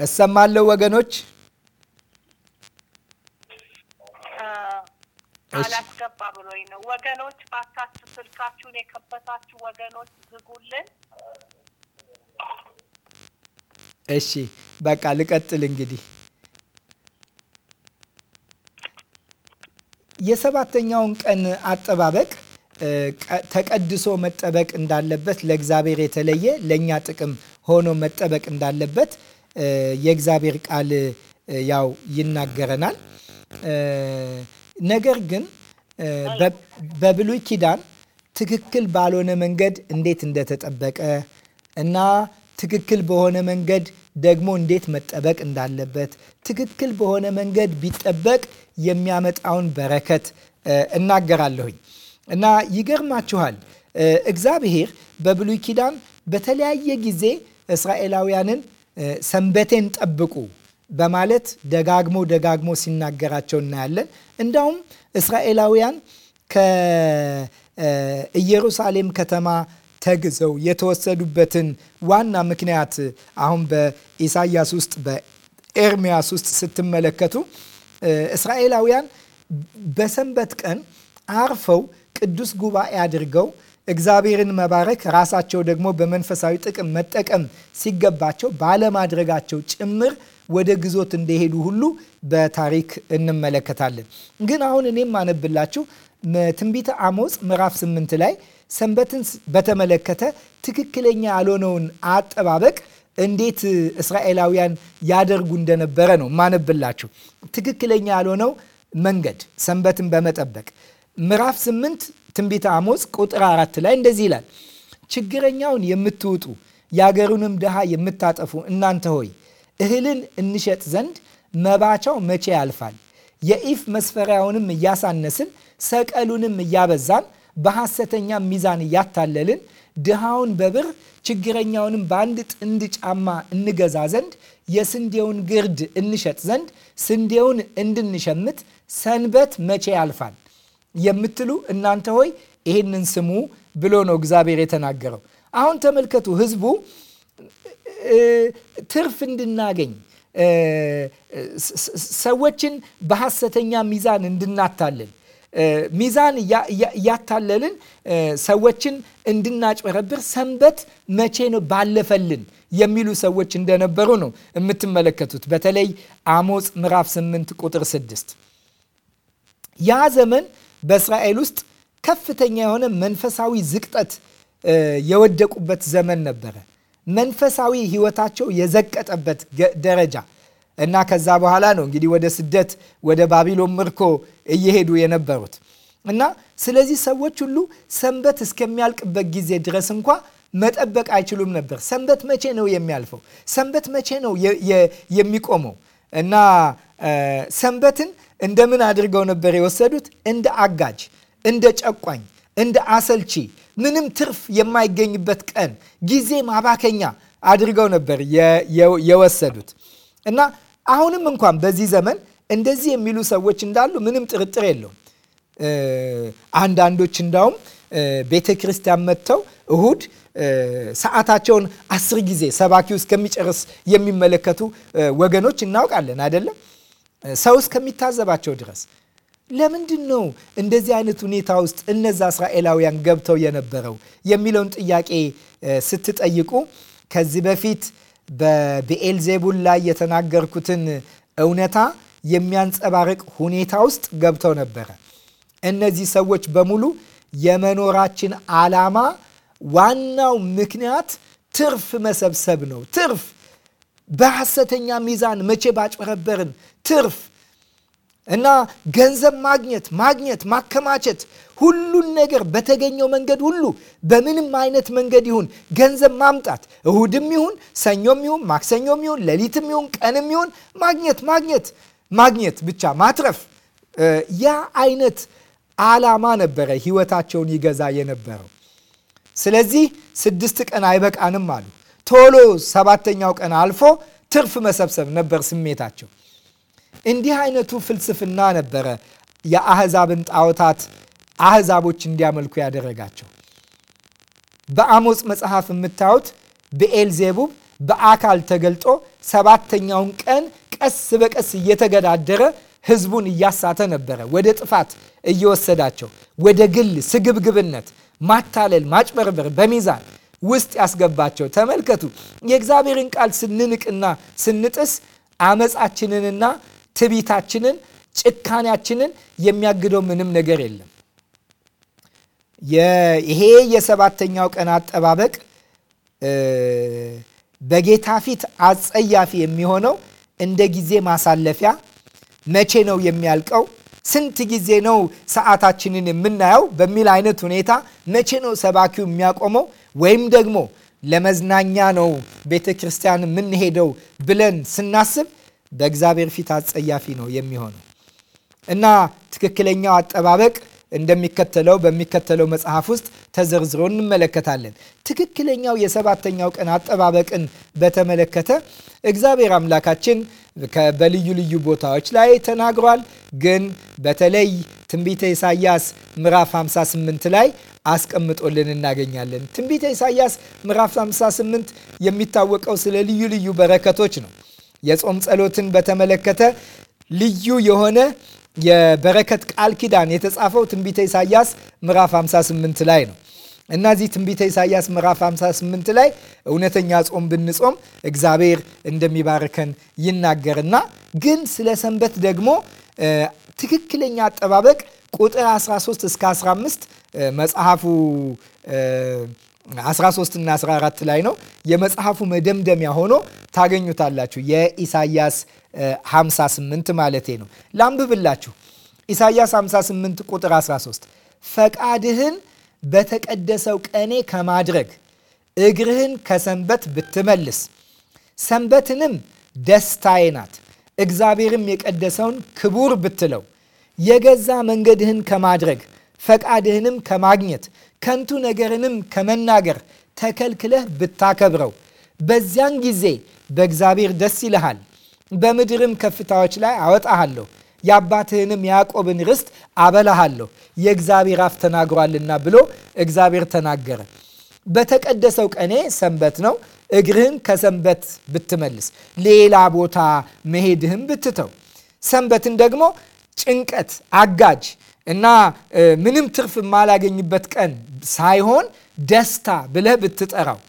እሰማለሁ ወገኖች። አላስገባ ብሎኝ ነው። ወገኖች ባካችሁ ስልካችሁን የከበታችሁ ወገኖች ዝጉልን። እሺ በቃ ልቀጥል እንግዲህ የሰባተኛውን ቀን አጠባበቅ ተቀድሶ መጠበቅ እንዳለበት ለእግዚአብሔር የተለየ ለእኛ ጥቅም ሆኖ መጠበቅ እንዳለበት የእግዚአብሔር ቃል ያው ይናገረናል። ነገር ግን በብሉይ ኪዳን ትክክል ባልሆነ መንገድ እንዴት እንደተጠበቀ እና ትክክል በሆነ መንገድ ደግሞ እንዴት መጠበቅ እንዳለበት ትክክል በሆነ መንገድ ቢጠበቅ የሚያመጣውን በረከት እናገራለሁኝ እና ይገርማችኋል እግዚአብሔር በብሉይ ኪዳን በተለያየ ጊዜ እስራኤላውያንን ሰንበቴን ጠብቁ በማለት ደጋግሞ ደጋግሞ ሲናገራቸው እናያለን። እንዳውም እስራኤላውያን ከኢየሩሳሌም ከተማ ተግዘው የተወሰዱበትን ዋና ምክንያት አሁን በኢሳያስ ውስጥ በኤርሚያስ ውስጥ ስትመለከቱ እስራኤላውያን በሰንበት ቀን አርፈው ቅዱስ ጉባኤ አድርገው እግዚአብሔርን መባረክ ራሳቸው ደግሞ በመንፈሳዊ ጥቅም መጠቀም ሲገባቸው ባለማድረጋቸው ጭምር ወደ ግዞት እንደሄዱ ሁሉ በታሪክ እንመለከታለን። ግን አሁን እኔም አነብላችሁ ትንቢተ አሞጽ ምዕራፍ 8 ላይ ሰንበትን በተመለከተ ትክክለኛ ያልሆነውን አጠባበቅ እንዴት እስራኤላውያን ያደርጉ እንደነበረ ነው ማነብላችሁ። ትክክለኛ ያልሆነው መንገድ ሰንበትን በመጠበቅ ምዕራፍ ስምንት ትንቢተ አሞጽ ቁጥር አራት ላይ እንደዚህ ይላል ችግረኛውን የምትውጡ የአገሩንም ድሃ የምታጠፉ እናንተ ሆይ እህልን እንሸጥ ዘንድ መባቻው መቼ ያልፋል? የኢፍ መስፈሪያውንም እያሳነስን ሰቀሉንም እያበዛን በሐሰተኛ ሚዛን እያታለልን ድሃውን በብር ችግረኛውንም በአንድ ጥንድ ጫማ እንገዛ ዘንድ የስንዴውን ግርድ እንሸጥ ዘንድ ስንዴውን እንድንሸምት ሰንበት መቼ ያልፋል የምትሉ እናንተ ሆይ ይህንን ስሙ ብሎ ነው እግዚአብሔር የተናገረው። አሁን ተመልከቱ። ህዝቡ ትርፍ እንድናገኝ ሰዎችን በሐሰተኛ ሚዛን እንድናታልን ሚዛን እያታለልን ሰዎችን እንድናጭበረብር ሰንበት መቼ ነው ባለፈልን የሚሉ ሰዎች እንደነበሩ ነው የምትመለከቱት። በተለይ አሞጽ ምዕራፍ 8 ቁጥር 6 ያ ዘመን በእስራኤል ውስጥ ከፍተኛ የሆነ መንፈሳዊ ዝቅጠት የወደቁበት ዘመን ነበረ። መንፈሳዊ ሕይወታቸው የዘቀጠበት ደረጃ እና ከዛ በኋላ ነው እንግዲህ ወደ ስደት ወደ ባቢሎን ምርኮ እየሄዱ የነበሩት እና ስለዚህ ሰዎች ሁሉ ሰንበት እስከሚያልቅበት ጊዜ ድረስ እንኳ መጠበቅ አይችሉም ነበር። ሰንበት መቼ ነው የሚያልፈው? ሰንበት መቼ ነው የሚቆመው? እና ሰንበትን እንደምን አድርገው ነበር የወሰዱት? እንደ አጋጅ፣ እንደ ጨቋኝ፣ እንደ አሰልቺ፣ ምንም ትርፍ የማይገኝበት ቀን፣ ጊዜ ማባከኛ አድርገው ነበር የወሰዱት እና አሁንም እንኳን በዚህ ዘመን እንደዚህ የሚሉ ሰዎች እንዳሉ ምንም ጥርጥር የለውም። አንዳንዶች እንዳውም ቤተ ክርስቲያን መጥተው እሁድ ሰዓታቸውን አስር ጊዜ ሰባኪው እስከሚጨርስ የሚመለከቱ ወገኖች እናውቃለን አይደለም? ሰው እስከሚታዘባቸው ድረስ ለምንድን ነው እንደዚህ አይነት ሁኔታ ውስጥ እነዛ እስራኤላውያን ገብተው የነበረው የሚለውን ጥያቄ ስትጠይቁ ከዚህ በፊት በብኤልዜቡል ላይ የተናገርኩትን እውነታ የሚያንጸባርቅ ሁኔታ ውስጥ ገብተው ነበረ። እነዚህ ሰዎች በሙሉ የመኖራችን ዓላማ ዋናው ምክንያት ትርፍ መሰብሰብ ነው። ትርፍ በሐሰተኛ ሚዛን መቼ ባጭበረበርን፣ ትርፍ እና ገንዘብ ማግኘት ማግኘት ማከማቸት ሁሉን ነገር በተገኘው መንገድ ሁሉ በምንም አይነት መንገድ ይሁን ገንዘብ ማምጣት እሁድም ይሁን ሰኞም ይሁን ማክሰኞም ይሁን ሌሊትም ይሁን ቀንም ይሁን ማግኘት ማግኘት ማግኘት ብቻ ማትረፍ ያ አይነት አላማ ነበረ ህይወታቸውን ይገዛ የነበረው። ስለዚህ ስድስት ቀን አይበቃንም አሉ። ቶሎ ሰባተኛው ቀን አልፎ ትርፍ መሰብሰብ ነበር ስሜታቸው። እንዲህ አይነቱ ፍልስፍና ነበረ የአህዛብን ጣዖታት አህዛቦች እንዲያመልኩ ያደረጋቸው። በአሞጽ መጽሐፍ የምታዩት ብኤልዜቡብ በአካል ተገልጦ ሰባተኛውን ቀን ቀስ በቀስ እየተገዳደረ ህዝቡን እያሳተ ነበረ። ወደ ጥፋት እየወሰዳቸው ወደ ግል ስግብግብነት፣ ማታለል፣ ማጭበርበር በሚዛን ውስጥ ያስገባቸው። ተመልከቱ። የእግዚአብሔርን ቃል ስንንቅና ስንጥስ አመፃችንንና ትቢታችንን፣ ጭካኔያችንን የሚያግደው ምንም ነገር የለም። ይሄ የሰባተኛው ቀን አጠባበቅ በጌታ ፊት አጸያፊ የሚሆነው እንደ ጊዜ ማሳለፊያ መቼ ነው የሚያልቀው? ስንት ጊዜ ነው ሰዓታችንን የምናየው? በሚል አይነት ሁኔታ መቼ ነው ሰባኪው የሚያቆመው? ወይም ደግሞ ለመዝናኛ ነው ቤተ ክርስቲያን የምንሄደው ብለን ስናስብ በእግዚአብሔር ፊት አጸያፊ ነው የሚሆነው እና ትክክለኛው አጠባበቅ እንደሚከተለው በሚከተለው መጽሐፍ ውስጥ ተዘርዝሮ እንመለከታለን። ትክክለኛው የሰባተኛው ቀን አጠባበቅን በተመለከተ እግዚአብሔር አምላካችን በልዩ ልዩ ቦታዎች ላይ ተናግሯል። ግን በተለይ ትንቢተ ኢሳያስ ምዕራፍ 58 ላይ አስቀምጦልን እናገኛለን። ትንቢተ ኢሳያስ ምዕራፍ 58 የሚታወቀው ስለ ልዩ ልዩ በረከቶች ነው። የጾም ጸሎትን በተመለከተ ልዩ የሆነ የበረከት ቃል ኪዳን የተጻፈው ትንቢተ ኢሳያስ ምዕራፍ 58 ላይ ነው። እናዚህ ትንቢተ ኢሳያስ ምዕራፍ 58 ላይ እውነተኛ ጾም ብንጾም እግዚአብሔር እንደሚባርከን ይናገርና ግን ስለ ሰንበት ደግሞ ትክክለኛ አጠባበቅ ቁጥር 13 እስከ 15 መጽሐፉ 13 እና 14 ላይ ነው። የመጽሐፉ መደምደሚያ ሆኖ ታገኙታላችሁ። የኢሳያስ 58 ማለቴ ነው። ላንብብላችሁ። ኢሳያስ 58 ቁጥር 13 ፈቃድህን በተቀደሰው ቀኔ ከማድረግ እግርህን ከሰንበት ብትመልስ ሰንበትንም ደስታዬ ናት እግዚአብሔርም የቀደሰውን ክቡር ብትለው የገዛ መንገድህን ከማድረግ ፈቃድህንም ከማግኘት ከንቱ ነገርንም ከመናገር ተከልክለህ ብታከብረው በዚያን ጊዜ በእግዚአብሔር ደስ ይልሃል፣ በምድርም ከፍታዎች ላይ አወጣሃለሁ፣ የአባትህንም የያዕቆብን ርስት አበላሃለሁ፣ የእግዚአብሔር አፍ ተናግሯልና ብሎ እግዚአብሔር ተናገረ። በተቀደሰው ቀኔ ሰንበት ነው። እግርህን ከሰንበት ብትመልስ፣ ሌላ ቦታ መሄድህን ብትተው፣ ሰንበትን ደግሞ ጭንቀት አጋጅ እና ምንም ትርፍ የማላገኝበት ቀን ሳይሆን ደስታ ብለህ ብትጠራው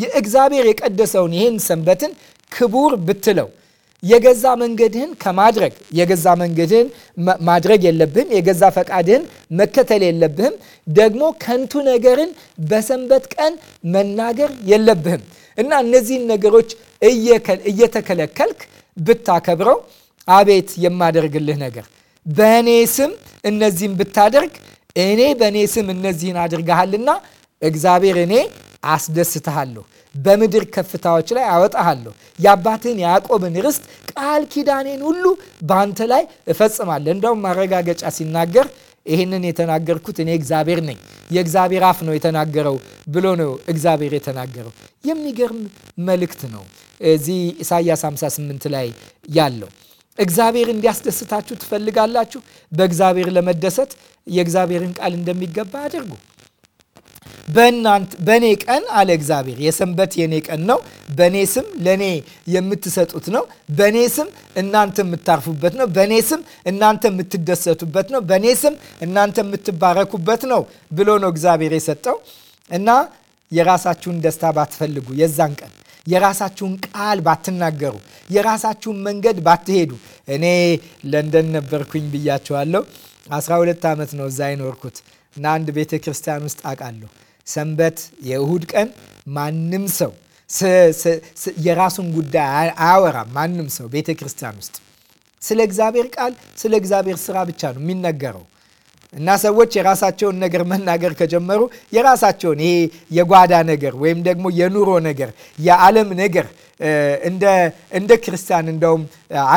የእግዚአብሔር የቀደሰውን ይህን ሰንበትን ክቡር ብትለው የገዛ መንገድህን ከማድረግ የገዛ መንገድህን ማድረግ የለብህም። የገዛ ፈቃድህን መከተል የለብህም። ደግሞ ከንቱ ነገርን በሰንበት ቀን መናገር የለብህም እና እነዚህን ነገሮች እየተከለከልክ ብታከብረው አቤት የማደርግልህ ነገር በእኔ ስም እነዚህን ብታደርግ እኔ በእኔ ስም እነዚህን አድርገሃልና እግዚአብሔር እኔ አስደስትሃለሁ፣ በምድር ከፍታዎች ላይ አወጣሃለሁ፣ የአባትህን የያዕቆብን ርስት ቃል ኪዳኔን ሁሉ በአንተ ላይ እፈጽማለሁ። እንደውም ማረጋገጫ ሲናገር ይህንን የተናገርኩት እኔ እግዚአብሔር ነኝ፣ የእግዚአብሔር አፍ ነው የተናገረው ብሎ ነው እግዚአብሔር የተናገረው። የሚገርም መልእክት ነው እዚህ ኢሳያስ 58 ላይ ያለው እግዚአብሔር እንዲያስደስታችሁ ትፈልጋላችሁ። በእግዚአብሔር ለመደሰት የእግዚአብሔርን ቃል እንደሚገባ አድርጉ። በእናንተ በእኔ ቀን አለ እግዚአብሔር፣ የሰንበት የእኔ ቀን ነው። በእኔ ስም ለእኔ የምትሰጡት ነው። በእኔ ስም እናንተ የምታርፉበት ነው። በእኔ ስም እናንተ የምትደሰቱበት ነው። በእኔ ስም እናንተ የምትባረኩበት ነው ብሎ ነው እግዚአብሔር የሰጠው እና የራሳችሁን ደስታ ባትፈልጉ የዛን ቀን የራሳችሁን ቃል ባትናገሩ፣ የራሳችሁን መንገድ ባትሄዱ። እኔ ለንደን ነበርኩኝ ብያችኋለሁ። 12 ዓመት ነው እዛ ይኖርኩት እና አንድ ቤተ ክርስቲያን ውስጥ አውቃለሁ። ሰንበት የእሁድ ቀን ማንም ሰው የራሱን ጉዳይ አያወራም። ማንም ሰው ቤተ ክርስቲያን ውስጥ ስለ እግዚአብሔር ቃል ስለ እግዚአብሔር ስራ ብቻ ነው የሚነገረው። እና ሰዎች የራሳቸውን ነገር መናገር ከጀመሩ የራሳቸውን ይሄ የጓዳ ነገር ወይም ደግሞ የኑሮ ነገር የዓለም ነገር እንደ ክርስቲያን እንደውም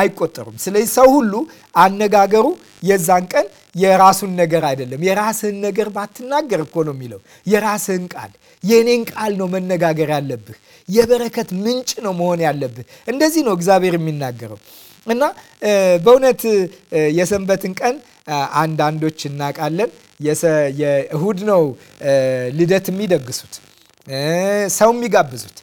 አይቆጠሩም። ስለዚህ ሰው ሁሉ አነጋገሩ የዛን ቀን የራሱን ነገር አይደለም። የራስህን ነገር ባትናገር እኮ ነው የሚለው። የራስህን ቃል የእኔን ቃል ነው መነጋገር ያለብህ። የበረከት ምንጭ ነው መሆን ያለብህ። እንደዚህ ነው እግዚአብሔር የሚናገረው እና በእውነት የሰንበትን ቀን አንዳንዶች እናውቃለን። የእሁድ ነው ልደት የሚደግሱት ሰው የሚጋብዙት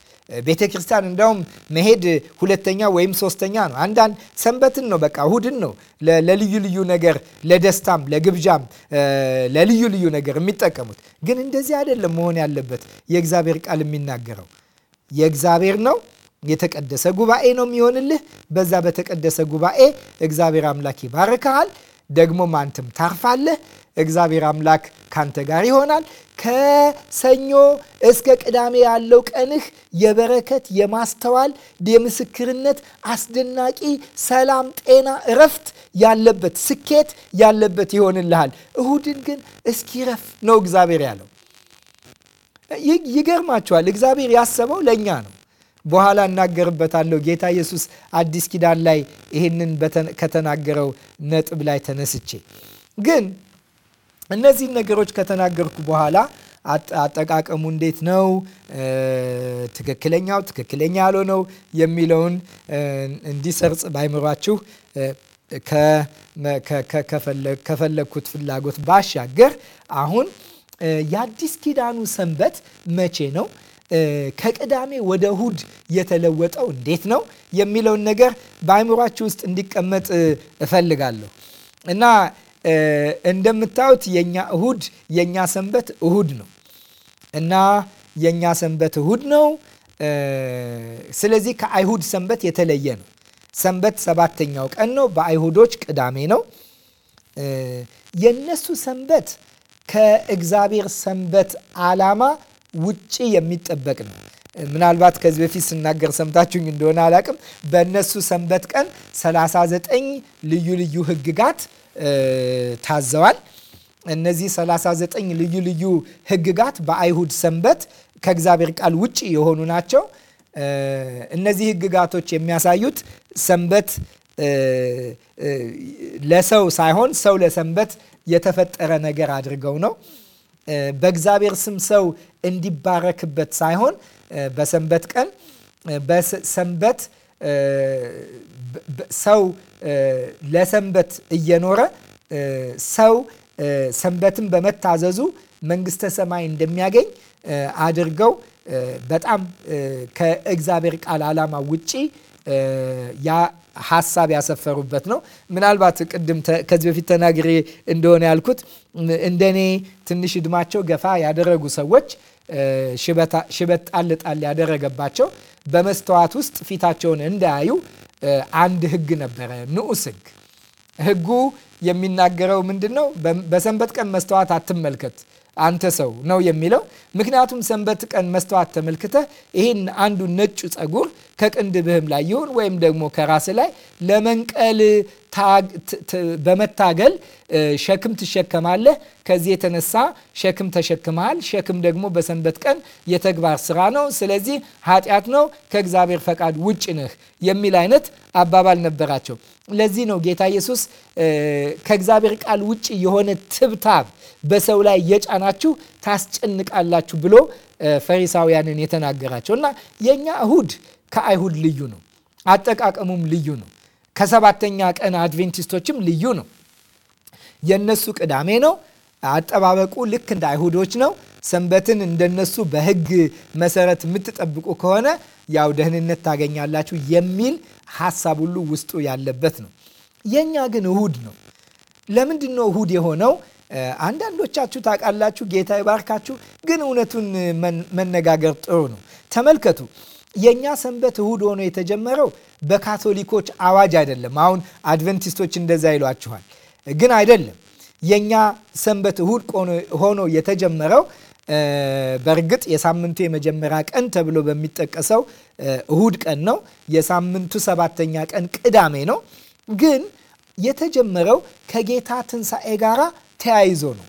ቤተ ክርስቲያን እንዲያውም መሄድ ሁለተኛ ወይም ሶስተኛ ነው። አንዳንድ ሰንበትን ነው በቃ እሁድን ነው ለልዩ ልዩ ነገር ለደስታም፣ ለግብዣም፣ ለልዩ ልዩ ነገር የሚጠቀሙት። ግን እንደዚህ አይደለም መሆን ያለበት። የእግዚአብሔር ቃል የሚናገረው የእግዚአብሔር ነው። የተቀደሰ ጉባኤ ነው የሚሆንልህ። በዛ በተቀደሰ ጉባኤ እግዚአብሔር አምላክ ይባርክሃል። ደግሞም አንተም ታርፋለህ። እግዚአብሔር አምላክ ካንተ ጋር ይሆናል። ከሰኞ እስከ ቅዳሜ ያለው ቀንህ የበረከት፣ የማስተዋል፣ የምስክርነት አስደናቂ ሰላም፣ ጤና፣ እረፍት ያለበት ስኬት ያለበት ይሆንልሃል። እሁድን ግን እስኪረፍ ነው እግዚአብሔር ያለው። ይገርማችኋል። እግዚአብሔር ያሰበው ለእኛ ነው። በኋላ እናገርበታለሁ። ጌታ ኢየሱስ አዲስ ኪዳን ላይ ይህንን ከተናገረው ነጥብ ላይ ተነስቼ ግን እነዚህን ነገሮች ከተናገርኩ በኋላ አጠቃቀሙ እንዴት ነው፣ ትክክለኛው ትክክለኛ ያልሆነው የሚለውን እንዲሰርጽ ባይምሯችሁ ከፈለግኩት ፍላጎት ባሻገር አሁን የአዲስ ኪዳኑ ሰንበት መቼ ነው? ከቅዳሜ ወደ እሁድ የተለወጠው እንዴት ነው የሚለውን ነገር በአእምሯችሁ ውስጥ እንዲቀመጥ እፈልጋለሁ እና እንደምታዩት የኛ እሁድ የኛ ሰንበት እሁድ ነው እና የኛ ሰንበት እሁድ ነው። ስለዚህ ከአይሁድ ሰንበት የተለየ ነው። ሰንበት ሰባተኛው ቀን ነው። በአይሁዶች ቅዳሜ ነው። የነሱ ሰንበት ከእግዚአብሔር ሰንበት ዓላማ ውጪ የሚጠበቅ ነው። ምናልባት ከዚህ በፊት ስናገር ሰምታችሁኝ እንደሆነ አላቅም። በእነሱ ሰንበት ቀን 39 ልዩ ልዩ ህግጋት ታዘዋል። እነዚህ 39 ልዩ ልዩ ህግጋት በአይሁድ ሰንበት ከእግዚአብሔር ቃል ውጭ የሆኑ ናቸው። እነዚህ ህግጋቶች የሚያሳዩት ሰንበት ለሰው ሳይሆን ሰው ለሰንበት የተፈጠረ ነገር አድርገው ነው። በእግዚአብሔር ስም ሰው እንዲባረክበት ሳይሆን በሰንበት ቀን በሰንበት ሰው ለሰንበት እየኖረ ሰው ሰንበትን በመታዘዙ መንግስተ ሰማይ እንደሚያገኝ አድርገው በጣም ከእግዚአብሔር ቃል ዓላማ ውጪ ያ ሀሳብ ያሰፈሩበት ነው። ምናልባት ቅድም ከዚህ በፊት ተናግሬ እንደሆነ ያልኩት እንደኔ ትንሽ እድማቸው ገፋ ያደረጉ ሰዎች ሽበት ጣል ጣል ያደረገባቸው በመስተዋት ውስጥ ፊታቸውን እንዳያዩ አንድ ህግ ነበረ፣ ንዑስ ህግ ህጉ የሚናገረው ምንድን ነው? በሰንበት ቀን መስተዋት አትመልከት አንተ ሰው ነው የሚለው። ምክንያቱም ሰንበት ቀን መስተዋት ተመልክተህ ይህን አንዱ ነጩ ጸጉር ከቅንድብህም ላይ ይሁን ወይም ደግሞ ከራስ ላይ ለመንቀል በመታገል ሸክም ትሸከማለህ። ከዚህ የተነሳ ሸክም ተሸክመሃል። ሸክም ደግሞ በሰንበት ቀን የተግባር ስራ ነው። ስለዚህ ኃጢአት ነው፣ ከእግዚአብሔር ፈቃድ ውጭ ነህ የሚል አይነት አባባል ነበራቸው። ለዚህ ነው ጌታ ኢየሱስ ከእግዚአብሔር ቃል ውጭ የሆነ ትብታብ በሰው ላይ እየጫናችሁ ታስጨንቃላችሁ ብሎ ፈሪሳውያንን የተናገራቸው እና የእኛ እሁድ ከአይሁድ ልዩ ነው። አጠቃቀሙም ልዩ ነው። ከሰባተኛ ቀን አድቬንቲስቶችም ልዩ ነው። የነሱ ቅዳሜ ነው። አጠባበቁ ልክ እንደ አይሁዶች ነው። ሰንበትን እንደነሱ በሕግ መሰረት የምትጠብቁ ከሆነ ያው ደህንነት ታገኛላችሁ የሚል ሀሳብ ሁሉ ውስጡ ያለበት ነው። የእኛ ግን እሁድ ነው። ለምንድን ነው እሁድ የሆነው? አንዳንዶቻችሁ ታውቃላችሁ። ጌታ ይባርካችሁ። ግን እውነቱን መነጋገር ጥሩ ነው። ተመልከቱ የእኛ ሰንበት እሁድ ሆኖ የተጀመረው በካቶሊኮች አዋጅ አይደለም። አሁን አድቨንቲስቶች እንደዛ ይሏችኋል፣ ግን አይደለም። የእኛ ሰንበት እሁድ ሆኖ የተጀመረው በእርግጥ የሳምንቱ የመጀመሪያ ቀን ተብሎ በሚጠቀሰው እሁድ ቀን ነው። የሳምንቱ ሰባተኛ ቀን ቅዳሜ ነው። ግን የተጀመረው ከጌታ ትንሣኤ ጋር ተያይዞ ነው።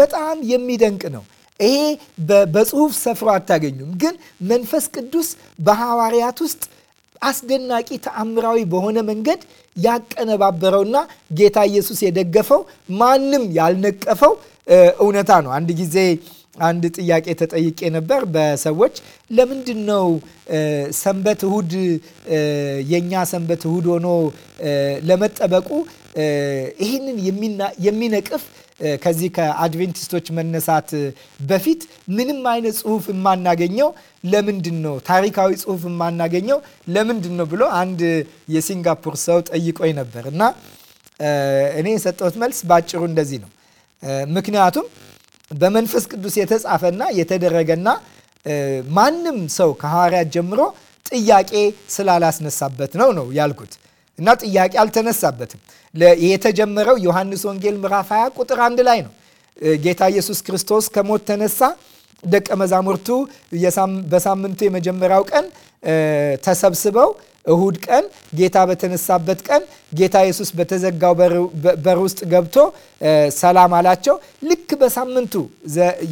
በጣም የሚደንቅ ነው። ይሄ በጽሁፍ ሰፍሮ አታገኙም። ግን መንፈስ ቅዱስ በሐዋርያት ውስጥ አስደናቂ ተአምራዊ በሆነ መንገድ ያቀነባበረውና ጌታ ኢየሱስ የደገፈው ማንም ያልነቀፈው እውነታ ነው። አንድ ጊዜ አንድ ጥያቄ ተጠይቄ ነበር በሰዎች ለምንድን ነው ሰንበት እሁድ የእኛ ሰንበት እሁድ ሆኖ ለመጠበቁ ይህንን የሚነቅፍ ከዚህ ከአድቬንቲስቶች መነሳት በፊት ምንም አይነት ጽሁፍ የማናገኘው ለምንድን ነው ታሪካዊ ጽሁፍ የማናገኘው ለምንድን ነው ብሎ አንድ የሲንጋፖር ሰው ጠይቆኝ ነበር እና እኔ የሰጠሁት መልስ በአጭሩ እንደዚህ ነው። ምክንያቱም በመንፈስ ቅዱስ የተጻፈና የተደረገና ማንም ሰው ከሐዋርያት ጀምሮ ጥያቄ ስላላስነሳበት ነው ነው ያልኩት። እና ጥያቄ አልተነሳበትም። የተጀመረው ዮሐንስ ወንጌል ምዕራፍ 20 ቁጥር አንድ ላይ ነው። ጌታ ኢየሱስ ክርስቶስ ከሞት ተነሳ። ደቀ መዛሙርቱ በሳምንቱ የመጀመሪያው ቀን ተሰብስበው እሁድ ቀን ጌታ በተነሳበት ቀን ጌታ ኢየሱስ በተዘጋው በር ውስጥ ገብቶ ሰላም አላቸው። ልክ በሳምንቱ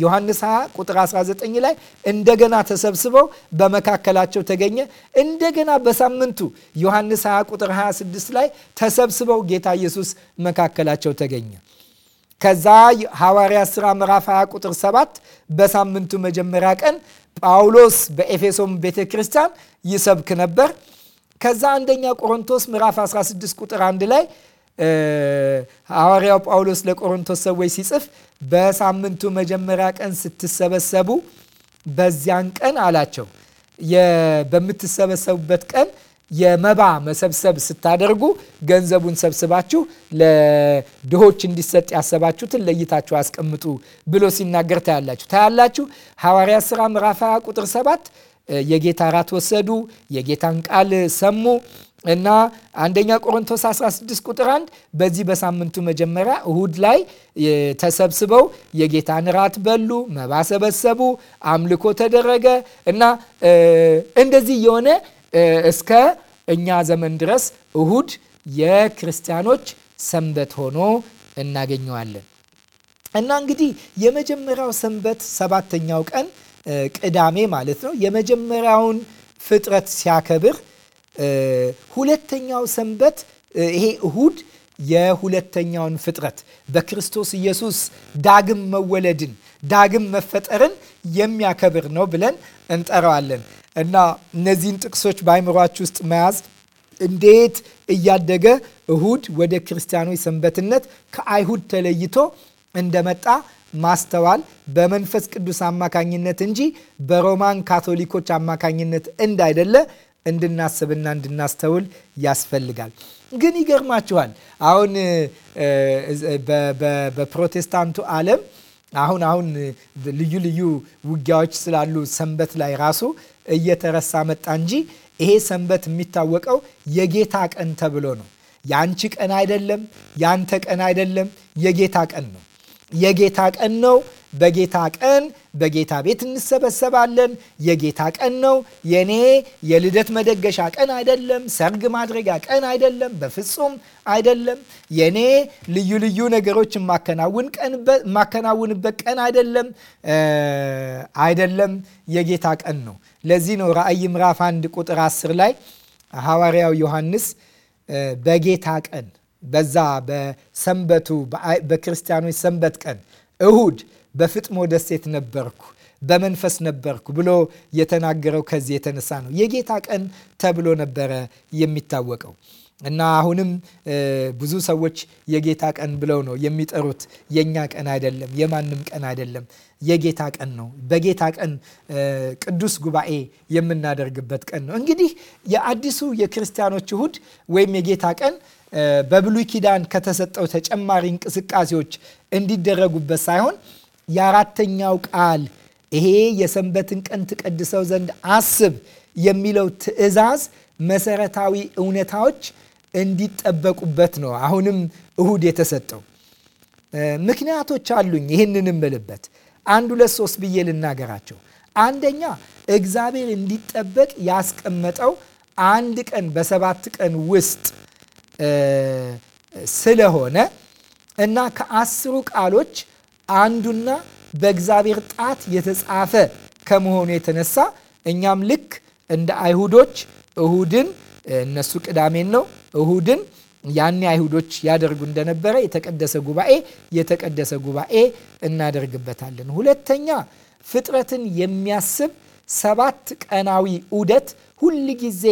ዮሐንስ 20 ቁጥር 19 ላይ እንደገና ተሰብስበው በመካከላቸው ተገኘ። እንደገና በሳምንቱ ዮሐንስ 20 ቁጥር 26 ላይ ተሰብስበው ጌታ ኢየሱስ መካከላቸው ተገኘ። ከዛ ሐዋርያ ሥራ ምዕራፍ 20 ቁጥር 7 በሳምንቱ መጀመሪያ ቀን ጳውሎስ በኤፌሶን ቤተ ክርስቲያን ይሰብክ ነበር። ከዛ አንደኛ ቆሮንቶስ ምዕራፍ 16 ቁጥር አንድ ላይ ሐዋርያው ጳውሎስ ለቆሮንቶስ ሰዎች ሲጽፍ በሳምንቱ መጀመሪያ ቀን ስትሰበሰቡ በዚያን ቀን አላቸው በምትሰበሰቡበት ቀን የመባ መሰብሰብ ስታደርጉ ገንዘቡን ሰብስባችሁ ለድሆች እንዲሰጥ ያሰባችሁትን ለይታችሁ አስቀምጡ ብሎ ሲናገር ታያላችሁ ታያላችሁ ሐዋርያ ሥራ ምዕራፍ 20 ቁጥር 7 የጌታ ራት ወሰዱ፣ የጌታን ቃል ሰሙ እና አንደኛ ቆሮንቶስ 16 ቁጥር 1 በዚህ በሳምንቱ መጀመሪያ እሁድ ላይ ተሰብስበው የጌታን ራት በሉ፣ መባ ሰበሰቡ፣ አምልኮ ተደረገ እና እንደዚህ የሆነ እስከ እኛ ዘመን ድረስ እሁድ የክርስቲያኖች ሰንበት ሆኖ እናገኘዋለን እና እንግዲህ የመጀመሪያው ሰንበት ሰባተኛው ቀን ቅዳሜ ማለት ነው። የመጀመሪያውን ፍጥረት ሲያከብር ሁለተኛው ሰንበት ይሄ እሁድ የሁለተኛውን ፍጥረት በክርስቶስ ኢየሱስ ዳግም መወለድን ዳግም መፈጠርን የሚያከብር ነው ብለን እንጠራዋለን እና እነዚህን ጥቅሶች በአይምሯች ውስጥ መያዝ እንዴት እያደገ እሁድ ወደ ክርስቲያኖች ሰንበትነት ከአይሁድ ተለይቶ እንደመጣ ማስተዋል በመንፈስ ቅዱስ አማካኝነት እንጂ በሮማን ካቶሊኮች አማካኝነት እንዳይደለ እንድናስብና እንድናስተውል ያስፈልጋል። ግን ይገርማችኋል አሁን በፕሮቴስታንቱ ዓለም አሁን አሁን ልዩ ልዩ ውጊያዎች ስላሉ ሰንበት ላይ ራሱ እየተረሳ መጣ እንጂ ይሄ ሰንበት የሚታወቀው የጌታ ቀን ተብሎ ነው። የአንቺ ቀን አይደለም፣ የአንተ ቀን አይደለም፣ የጌታ ቀን ነው። የጌታ ቀን ነው። በጌታ ቀን በጌታ ቤት እንሰበሰባለን። የጌታ ቀን ነው። የኔ የልደት መደገሻ ቀን አይደለም። ሰርግ ማድረጊያ ቀን አይደለም። በፍጹም አይደለም። የኔ ልዩ ልዩ ነገሮች የማከናውንበት ቀን አይደለም አይደለም። የጌታ ቀን ነው። ለዚህ ነው ራእይ ምዕራፍ አንድ ቁጥር 10 ላይ ሐዋርያው ዮሐንስ በጌታ ቀን በዛ በሰንበቱ በክርስቲያኖች ሰንበት ቀን እሁድ በፍጥሞ ደሴት ነበርኩ በመንፈስ ነበርኩ ብሎ የተናገረው ከዚህ የተነሳ ነው። የጌታ ቀን ተብሎ ነበረ የሚታወቀው። እና አሁንም ብዙ ሰዎች የጌታ ቀን ብለው ነው የሚጠሩት። የእኛ ቀን አይደለም፣ የማንም ቀን አይደለም፣ የጌታ ቀን ነው። በጌታ ቀን ቅዱስ ጉባኤ የምናደርግበት ቀን ነው። እንግዲህ የአዲሱ የክርስቲያኖች እሁድ ወይም የጌታ ቀን በብሉይ ኪዳን ከተሰጠው ተጨማሪ እንቅስቃሴዎች እንዲደረጉበት ሳይሆን የአራተኛው ቃል ይሄ የሰንበትን ቀን ትቀድሰው ዘንድ አስብ የሚለው ትእዛዝ መሰረታዊ እውነታዎች እንዲጠበቁበት ነው አሁንም እሁድ የተሰጠው። ምክንያቶች አሉኝ ይህንን እምልበት አንድ ሁለት ሶስት ብዬ ልናገራቸው። አንደኛ እግዚአብሔር እንዲጠበቅ ያስቀመጠው አንድ ቀን በሰባት ቀን ውስጥ ስለሆነ እና ከአስሩ ቃሎች አንዱና በእግዚአብሔር ጣት የተጻፈ ከመሆኑ የተነሳ እኛም ልክ እንደ አይሁዶች እሁድን እነሱ ቅዳሜን ነው። እሁድን ያኔ አይሁዶች ያደርጉ እንደነበረ የተቀደሰ ጉባኤ የተቀደሰ ጉባኤ እናደርግበታለን። ሁለተኛ ፍጥረትን የሚያስብ ሰባት ቀናዊ ዑደት ጊዜ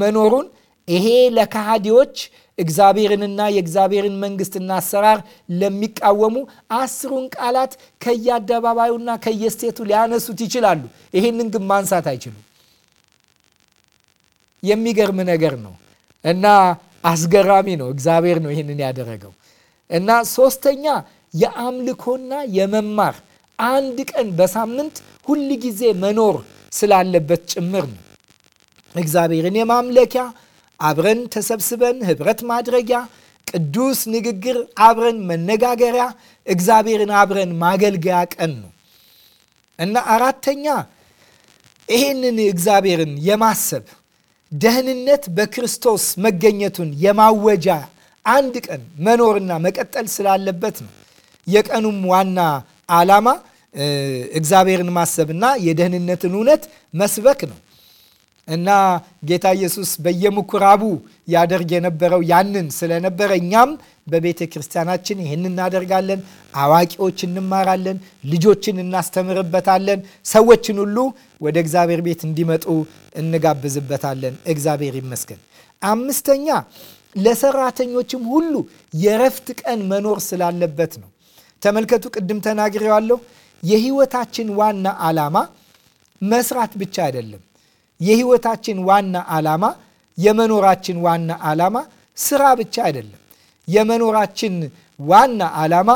መኖሩን ይሄ ለካሃዲዎች እግዚአብሔርንና የእግዚአብሔርን መንግስትና አሰራር ለሚቃወሙ አስሩን ቃላት ከየአደባባዩና ከየስቴቱ ሊያነሱት ይችላሉ። ይሄንን ግን ማንሳት አይችሉም። የሚገርም ነገር ነው እና አስገራሚ ነው። እግዚአብሔር ነው ይህንን ያደረገው። እና ሶስተኛ የአምልኮና የመማር አንድ ቀን በሳምንት ሁል ጊዜ መኖር ስላለበት ጭምር ነው። እግዚአብሔርን የማምለኪያ አብረን ተሰብስበን ህብረት ማድረጊያ ቅዱስ ንግግር አብረን መነጋገሪያ እግዚአብሔርን አብረን ማገልገያ ቀን ነው እና አራተኛ ይህንን እግዚአብሔርን የማሰብ ደህንነት በክርስቶስ መገኘቱን የማወጃ አንድ ቀን መኖርና መቀጠል ስላለበት ነው። የቀኑም ዋና ዓላማ እግዚአብሔርን ማሰብና የደህንነትን እውነት መስበክ ነው እና ጌታ ኢየሱስ በየምኩራቡ ያደርግ የነበረው ያንን ስለነበረ እኛም በቤተ ክርስቲያናችን ይህን እናደርጋለን። አዋቂዎች እንማራለን፣ ልጆችን እናስተምርበታለን፣ ሰዎችን ሁሉ ወደ እግዚአብሔር ቤት እንዲመጡ እንጋብዝበታለን። እግዚአብሔር ይመስገን። አምስተኛ ለሰራተኞችም ሁሉ የረፍት ቀን መኖር ስላለበት ነው። ተመልከቱ፣ ቅድም ተናግሬዋለሁ። የህይወታችን ዋና ዓላማ መስራት ብቻ አይደለም። የህይወታችን ዋና ዓላማ የመኖራችን ዋና ዓላማ ስራ ብቻ አይደለም። የመኖራችን ዋና ዓላማ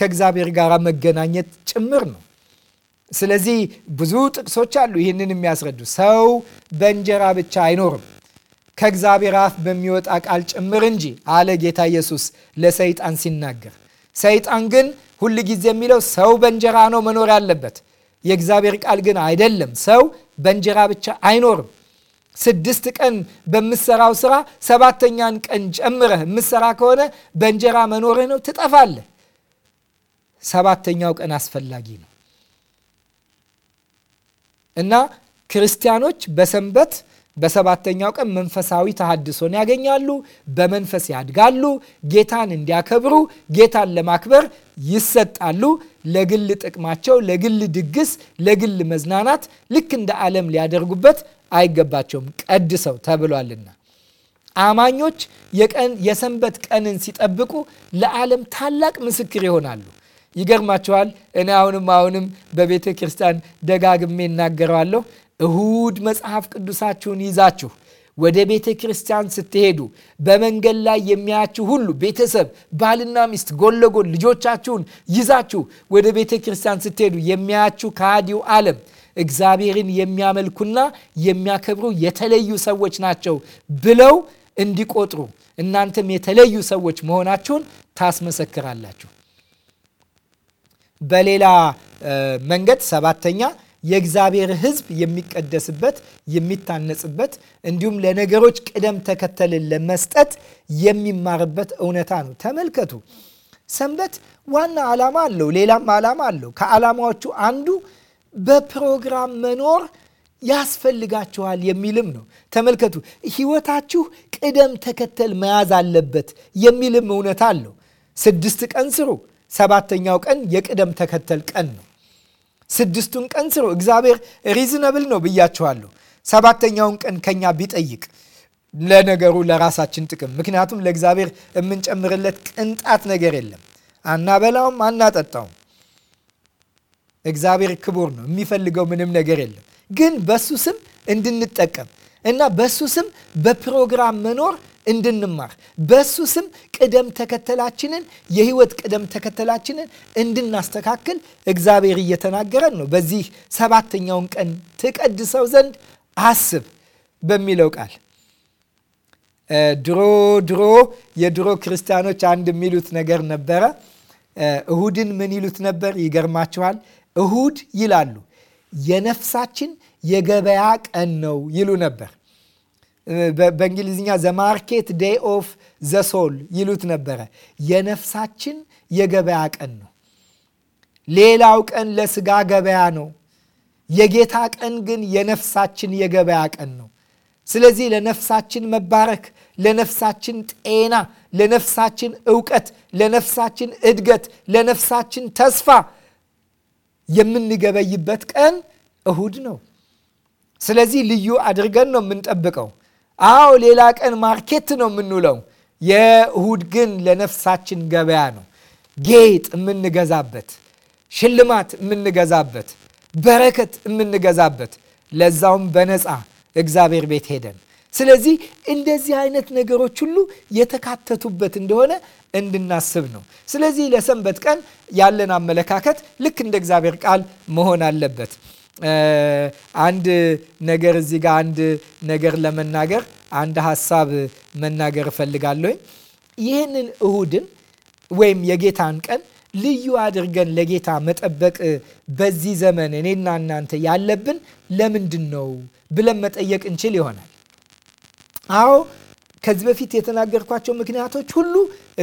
ከእግዚአብሔር ጋር መገናኘት ጭምር ነው። ስለዚህ ብዙ ጥቅሶች አሉ ይህንን የሚያስረዱ። ሰው በእንጀራ ብቻ አይኖርም ከእግዚአብሔር አፍ በሚወጣ ቃል ጭምር እንጂ አለ ጌታ ኢየሱስ ለሰይጣን ሲናገር። ሰይጣን ግን ሁል ጊዜ የሚለው ሰው በእንጀራ ነው መኖር ያለበት። የእግዚአብሔር ቃል ግን አይደለም፣ ሰው በእንጀራ ብቻ አይኖርም ስድስት ቀን በምሰራው ስራ ሰባተኛን ቀን ጨምረህ የምሰራ ከሆነ በእንጀራ መኖርህ ነው፣ ትጠፋለህ። ሰባተኛው ቀን አስፈላጊ ነው እና ክርስቲያኖች በሰንበት በሰባተኛው ቀን መንፈሳዊ ተሃድሶን ያገኛሉ፣ በመንፈስ ያድጋሉ፣ ጌታን እንዲያከብሩ ጌታን ለማክበር ይሰጣሉ። ለግል ጥቅማቸው፣ ለግል ድግስ፣ ለግል መዝናናት ልክ እንደ ዓለም ሊያደርጉበት አይገባቸውም ቀድሰው ተብሏልና። አማኞች የቀን የሰንበት ቀንን ሲጠብቁ ለዓለም ታላቅ ምስክር ይሆናሉ። ይገርማቸዋል። እኔ አሁንም አሁንም በቤተ ክርስቲያን ደጋግሜ እናገረዋለሁ። እሁድ መጽሐፍ ቅዱሳችሁን ይዛችሁ ወደ ቤተ ክርስቲያን ስትሄዱ በመንገድ ላይ የሚያያችሁ ሁሉ ቤተሰብ፣ ባልና ሚስት ጎን ለጎን ልጆቻችሁን ይዛችሁ ወደ ቤተ ክርስቲያን ስትሄዱ የሚያያችሁ ከሃዲው ዓለም እግዚአብሔርን የሚያመልኩና የሚያከብሩ የተለዩ ሰዎች ናቸው ብለው እንዲቆጥሩ እናንተም የተለዩ ሰዎች መሆናችሁን ታስመሰክራላችሁ። በሌላ መንገድ ሰባተኛ የእግዚአብሔር ሕዝብ የሚቀደስበት የሚታነጽበት፣ እንዲሁም ለነገሮች ቅደም ተከተልን ለመስጠት የሚማርበት እውነታ ነው። ተመልከቱ፣ ሰንበት ዋና ዓላማ አለው፣ ሌላም ዓላማ አለው። ከዓላማዎቹ አንዱ በፕሮግራም መኖር ያስፈልጋችኋል የሚልም ነው። ተመልከቱ፣ ህይወታችሁ ቅደም ተከተል መያዝ አለበት የሚልም እውነት አለው። ስድስት ቀን ስሩ፣ ሰባተኛው ቀን የቅደም ተከተል ቀን ነው። ስድስቱን ቀን ስሩ። እግዚአብሔር ሪዝነብል ነው ብያችኋለሁ። ሰባተኛውን ቀን ከኛ ቢጠይቅ ለነገሩ ለራሳችን ጥቅም፣ ምክንያቱም ለእግዚአብሔር የምንጨምርለት ቅንጣት ነገር የለም። አናበላውም፣ አናጠጣውም እግዚአብሔር ክቡር ነው። የሚፈልገው ምንም ነገር የለም። ግን በሱ ስም እንድንጠቀም እና በሱ ስም በፕሮግራም መኖር እንድንማር በሱ ስም ቅደም ተከተላችንን የህይወት ቅደም ተከተላችንን እንድናስተካክል እግዚአብሔር እየተናገረን ነው። በዚህ ሰባተኛውን ቀን ትቀድሰው ዘንድ አስብ በሚለው ቃል ድሮ ድሮ የድሮ ክርስቲያኖች አንድ የሚሉት ነገር ነበረ። እሁድን ምን ይሉት ነበር? ይገርማችኋል እሁድ ይላሉ። የነፍሳችን የገበያ ቀን ነው ይሉ ነበር። በእንግሊዝኛ ማርኬት ዴይ ኦፍ ዘሶል ይሉት ነበረ። የነፍሳችን የገበያ ቀን ነው። ሌላው ቀን ለስጋ ገበያ ነው። የጌታ ቀን ግን የነፍሳችን የገበያ ቀን ነው። ስለዚህ ለነፍሳችን መባረክ፣ ለነፍሳችን ጤና፣ ለነፍሳችን እውቀት፣ ለነፍሳችን እድገት፣ ለነፍሳችን ተስፋ የምንገበይበት ቀን እሁድ ነው። ስለዚህ ልዩ አድርገን ነው የምንጠብቀው። አዎ ሌላ ቀን ማርኬት ነው የምንውለው። የእሁድ ግን ለነፍሳችን ገበያ ነው። ጌጥ የምንገዛበት፣ ሽልማት የምንገዛበት፣ በረከት የምንገዛበት ለዛውም በነፃ እግዚአብሔር ቤት ሄደን ስለዚህ እንደዚህ አይነት ነገሮች ሁሉ የተካተቱበት እንደሆነ እንድናስብ ነው። ስለዚህ ለሰንበት ቀን ያለን አመለካከት ልክ እንደ እግዚአብሔር ቃል መሆን አለበት። አንድ ነገር እዚህ ጋር አንድ ነገር ለመናገር አንድ ሀሳብ መናገር እፈልጋለሁኝ። ይህንን እሁድን ወይም የጌታን ቀን ልዩ አድርገን ለጌታ መጠበቅ በዚህ ዘመን እኔና እናንተ ያለብን ለምንድን ነው ብለን መጠየቅ እንችል ይሆናል። አዎ ከዚህ በፊት የተናገርኳቸው ምክንያቶች ሁሉ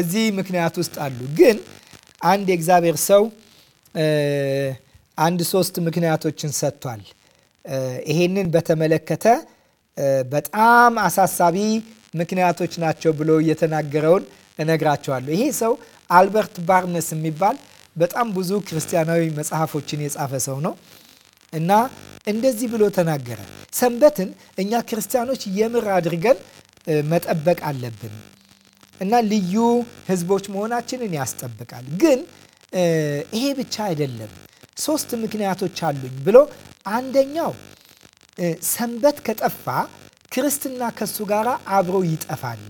እዚህ ምክንያት ውስጥ አሉ። ግን አንድ የእግዚአብሔር ሰው አንድ ሶስት ምክንያቶችን ሰጥቷል። ይሄንን በተመለከተ በጣም አሳሳቢ ምክንያቶች ናቸው ብሎ እየተናገረውን እነግራቸዋለሁ። ይሄ ሰው አልበርት ባርነስ የሚባል በጣም ብዙ ክርስቲያናዊ መጽሐፎችን የጻፈ ሰው ነው። እና እንደዚህ ብሎ ተናገረ። ሰንበትን እኛ ክርስቲያኖች የምር አድርገን መጠበቅ አለብን እና ልዩ ህዝቦች መሆናችንን ያስጠብቃል። ግን ይሄ ብቻ አይደለም። ሶስት ምክንያቶች አሉኝ ብሎ አንደኛው ሰንበት ከጠፋ ክርስትና ከሱ ጋር አብሮ ይጠፋል።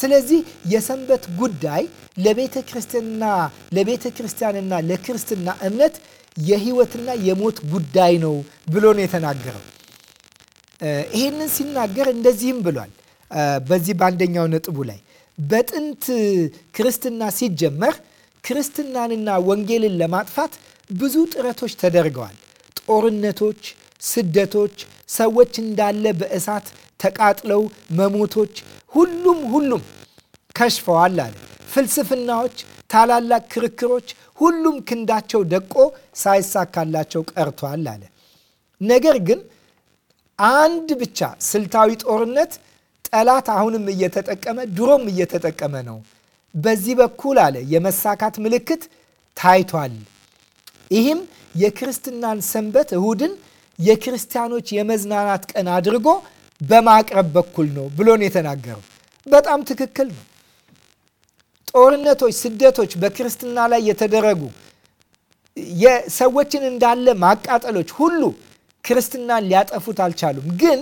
ስለዚህ የሰንበት ጉዳይ ለቤተ ክርስትና ለቤተ ክርስቲያንና ለክርስትና እምነት የህይወትና የሞት ጉዳይ ነው ብሎ ነው የተናገረው። ይህንን ሲናገር እንደዚህም ብሏል። በዚህ በአንደኛው ነጥቡ ላይ በጥንት ክርስትና ሲጀመር ክርስትናንና ወንጌልን ለማጥፋት ብዙ ጥረቶች ተደርገዋል። ጦርነቶች፣ ስደቶች፣ ሰዎች እንዳለ በእሳት ተቃጥለው መሞቶች፣ ሁሉም ሁሉም ከሽፈዋል አለ። ፍልስፍናዎች፣ ታላላቅ ክርክሮች ሁሉም ክንዳቸው ደቆ ሳይሳካላቸው ቀርቷል አለ። ነገር ግን አንድ ብቻ ስልታዊ ጦርነት ጠላት አሁንም እየተጠቀመ ድሮም እየተጠቀመ ነው። በዚህ በኩል አለ የመሳካት ምልክት ታይቷል። ይህም የክርስትናን ሰንበት እሁድን የክርስቲያኖች የመዝናናት ቀን አድርጎ በማቅረብ በኩል ነው ብሎን የተናገረው በጣም ትክክል ነው። ጦርነቶች፣ ስደቶች በክርስትና ላይ የተደረጉ የሰዎችን እንዳለ ማቃጠሎች ሁሉ ክርስትናን ሊያጠፉት አልቻሉም። ግን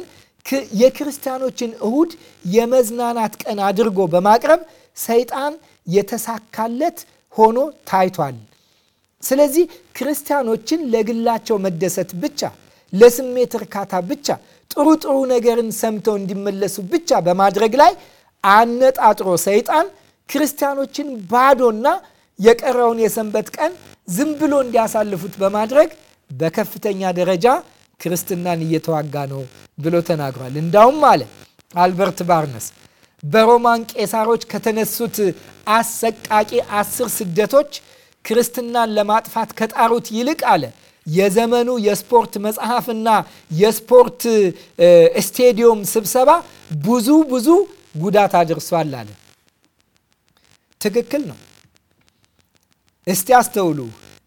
የክርስቲያኖችን እሁድ የመዝናናት ቀን አድርጎ በማቅረብ ሰይጣን የተሳካለት ሆኖ ታይቷል። ስለዚህ ክርስቲያኖችን ለግላቸው መደሰት ብቻ፣ ለስሜት እርካታ ብቻ፣ ጥሩ ጥሩ ነገርን ሰምተው እንዲመለሱ ብቻ በማድረግ ላይ አነጣጥሮ ሰይጣን ክርስቲያኖችን ባዶና የቀረውን የሰንበት ቀን ዝም ብሎ እንዲያሳልፉት በማድረግ በከፍተኛ ደረጃ ክርስትናን እየተዋጋ ነው ብሎ ተናግሯል። እንዳውም አለ አልበርት ባርነስ በሮማን ቄሳሮች ከተነሱት አሰቃቂ አስር ስደቶች ክርስትናን ለማጥፋት ከጣሩት ይልቅ አለ የዘመኑ የስፖርት መጽሐፍና የስፖርት ስቴዲየም ስብሰባ ብዙ ብዙ ጉዳት አድርሷል አለ። ትክክል ነው። እስቲ አስተውሉ።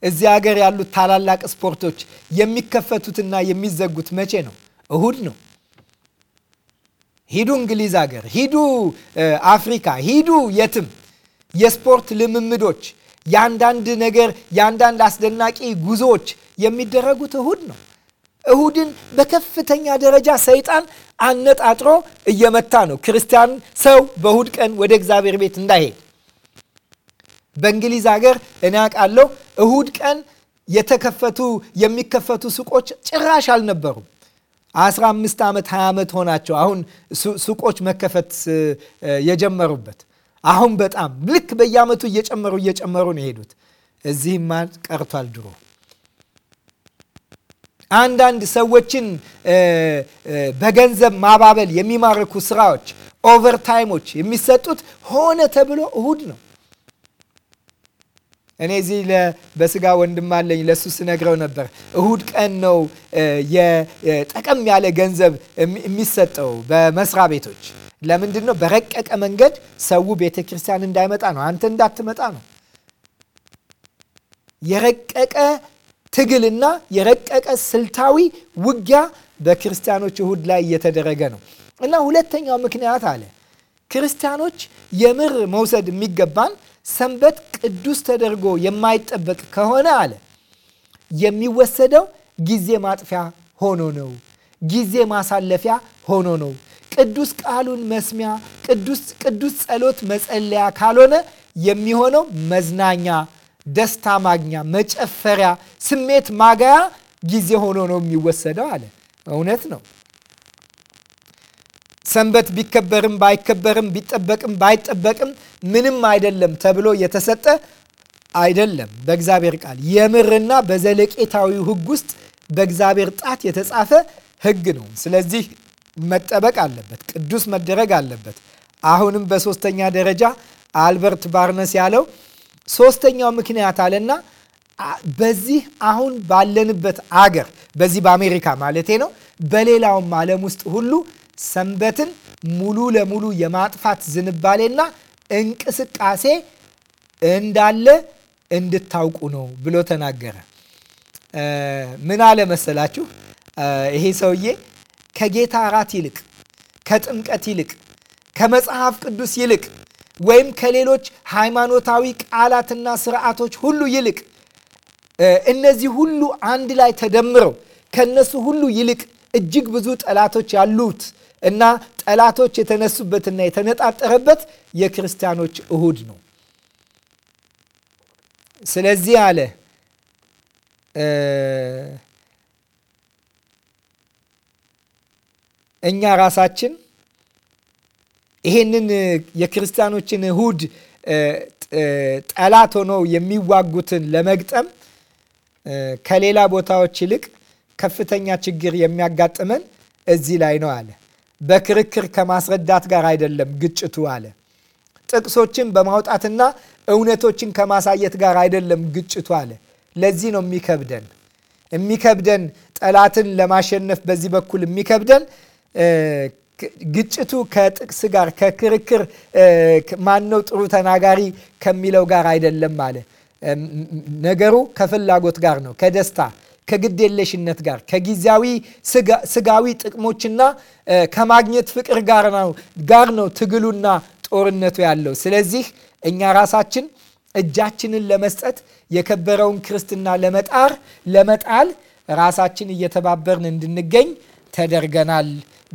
እዚህ ሀገር ያሉት ታላላቅ ስፖርቶች የሚከፈቱትና የሚዘጉት መቼ ነው? እሁድ ነው። ሂዱ እንግሊዝ ሀገር፣ ሂዱ አፍሪካ፣ ሂዱ የትም የስፖርት ልምምዶች የአንዳንድ ነገር የአንዳንድ አስደናቂ ጉዞዎች የሚደረጉት እሁድ ነው። እሁድን በከፍተኛ ደረጃ ሰይጣን አነጣጥሮ እየመታ ነው ክርስቲያን ሰው በእሁድ ቀን ወደ እግዚአብሔር ቤት እንዳይሄድ በእንግሊዝ ሀገር እኔ አውቃለሁ እሁድ ቀን የተከፈቱ የሚከፈቱ ሱቆች ጭራሽ አልነበሩም። 15 ዓመት 20 ዓመት ሆናቸው አሁን ሱቆች መከፈት የጀመሩበት አሁን በጣም ልክ በየዓመቱ እየጨመሩ እየጨመሩ ነው የሄዱት። እዚህማ ቀርቷል ድሮ አንዳንድ ሰዎችን በገንዘብ ማባበል የሚማርኩ ስራዎች ኦቨርታይሞች የሚሰጡት ሆነ ተብሎ እሁድ ነው። እኔ እዚህ በስጋ ወንድም አለኝ ለሱ ስነግረው ነበር። እሁድ ቀን ነው ጠቀም ያለ ገንዘብ የሚሰጠው በመስሪያ ቤቶች። ለምንድን ነው? በረቀቀ መንገድ ሰው ቤተ ክርስቲያን እንዳይመጣ ነው። አንተ እንዳትመጣ ነው። የረቀቀ ትግልና የረቀቀ ስልታዊ ውጊያ በክርስቲያኖች እሁድ ላይ እየተደረገ ነው እና ሁለተኛው ምክንያት አለ ክርስቲያኖች የምር መውሰድ የሚገባን ሰንበት ቅዱስ ተደርጎ የማይጠበቅ ከሆነ አለ የሚወሰደው ጊዜ ማጥፊያ ሆኖ ነው። ጊዜ ማሳለፊያ ሆኖ ነው። ቅዱስ ቃሉን መስሚያ፣ ቅዱስ ቅዱስ ጸሎት መጸለያ ካልሆነ የሚሆነው መዝናኛ፣ ደስታ ማግኛ፣ መጨፈሪያ፣ ስሜት ማጋያ ጊዜ ሆኖ ነው የሚወሰደው አለ። እውነት ነው። ሰንበት ቢከበርም ባይከበርም ቢጠበቅም ባይጠበቅም ምንም አይደለም ተብሎ የተሰጠ አይደለም። በእግዚአብሔር ቃል የምርና በዘለቄታዊ ሕግ ውስጥ በእግዚአብሔር ጣት የተጻፈ ሕግ ነው። ስለዚህ መጠበቅ አለበት፣ ቅዱስ መደረግ አለበት። አሁንም በሶስተኛ ደረጃ አልበርት ባርነስ ያለው ሶስተኛው ምክንያት አለና በዚህ አሁን ባለንበት አገር በዚህ በአሜሪካ ማለቴ ነው በሌላውም ዓለም ውስጥ ሁሉ ሰንበትን ሙሉ ለሙሉ የማጥፋት ዝንባሌና እንቅስቃሴ እንዳለ እንድታውቁ ነው ብሎ ተናገረ። ምን አለ መሰላችሁ? ይሄ ሰውዬ ከጌታ እራት ይልቅ፣ ከጥምቀት ይልቅ፣ ከመጽሐፍ ቅዱስ ይልቅ ወይም ከሌሎች ሃይማኖታዊ ቃላትና ስርዓቶች ሁሉ ይልቅ እነዚህ ሁሉ አንድ ላይ ተደምረው ከነሱ ሁሉ ይልቅ እጅግ ብዙ ጠላቶች ያሉት እና ጠላቶች የተነሱበትና የተነጣጠረበት የክርስቲያኖች እሁድ ነው። ስለዚህ አለ እኛ ራሳችን ይሄንን የክርስቲያኖችን እሁድ ጠላት ሆነው የሚዋጉትን ለመግጠም ከሌላ ቦታዎች ይልቅ ከፍተኛ ችግር የሚያጋጥመን እዚህ ላይ ነው አለ። በክርክር ከማስረዳት ጋር አይደለም ግጭቱ አለ። ጥቅሶችን በማውጣትና እውነቶችን ከማሳየት ጋር አይደለም ግጭቱ አለ። ለዚህ ነው የሚከብደን የሚከብደን ጠላትን ለማሸነፍ በዚህ በኩል የሚከብደን ግጭቱ ከጥቅስ ጋር ከክርክር ማነው ጥሩ ተናጋሪ ከሚለው ጋር አይደለም አለ። ነገሩ ከፍላጎት ጋር ነው፣ ከደስታ ከግዴለሽነት ጋር ከጊዜያዊ ስጋዊ ጥቅሞችና ከማግኘት ፍቅር ጋር ነው ጋር ነው ትግሉና ጦርነቱ ያለው። ስለዚህ እኛ ራሳችን እጃችንን ለመስጠት የከበረውን ክርስትና ለመጣር ለመጣል ራሳችን እየተባበርን እንድንገኝ ተደርገናል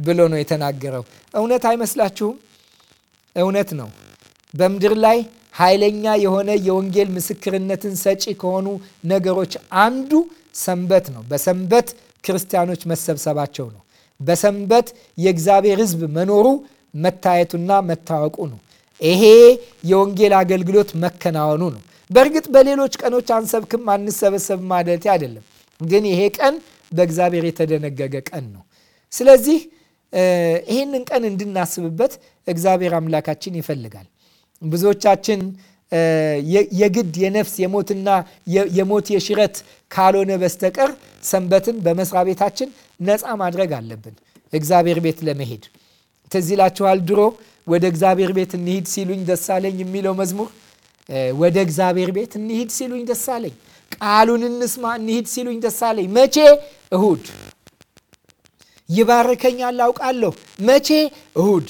ብሎ ነው የተናገረው። እውነት አይመስላችሁም? እውነት ነው። በምድር ላይ ኃይለኛ የሆነ የወንጌል ምስክርነትን ሰጪ ከሆኑ ነገሮች አንዱ ሰንበት ነው። በሰንበት ክርስቲያኖች መሰብሰባቸው ነው። በሰንበት የእግዚአብሔር ሕዝብ መኖሩ መታየቱና መታወቁ ነው። ይሄ የወንጌል አገልግሎት መከናወኑ ነው። በእርግጥ በሌሎች ቀኖች አንሰብክም፣ አንሰበሰብም ማለት አይደለም። ግን ይሄ ቀን በእግዚአብሔር የተደነገገ ቀን ነው። ስለዚህ ይህንን ቀን እንድናስብበት እግዚአብሔር አምላካችን ይፈልጋል። ብዙዎቻችን የግድ የነፍስ የሞትና የሞት የሽረት ካልሆነ በስተቀር ሰንበትን በመስሪያ ቤታችን ነፃ ማድረግ አለብን። እግዚአብሔር ቤት ለመሄድ ትዝ ይላችኋል። ድሮ ወደ እግዚአብሔር ቤት እንሂድ ሲሉኝ ደሳለኝ የሚለው መዝሙር ወደ እግዚአብሔር ቤት እንሂድ ሲሉኝ ደሳለኝ፣ ቃሉን እንስማ እንሂድ ሲሉኝ ደሳለኝ። መቼ እሁድ ይባርከኛል አውቃለሁ። መቼ እሁድ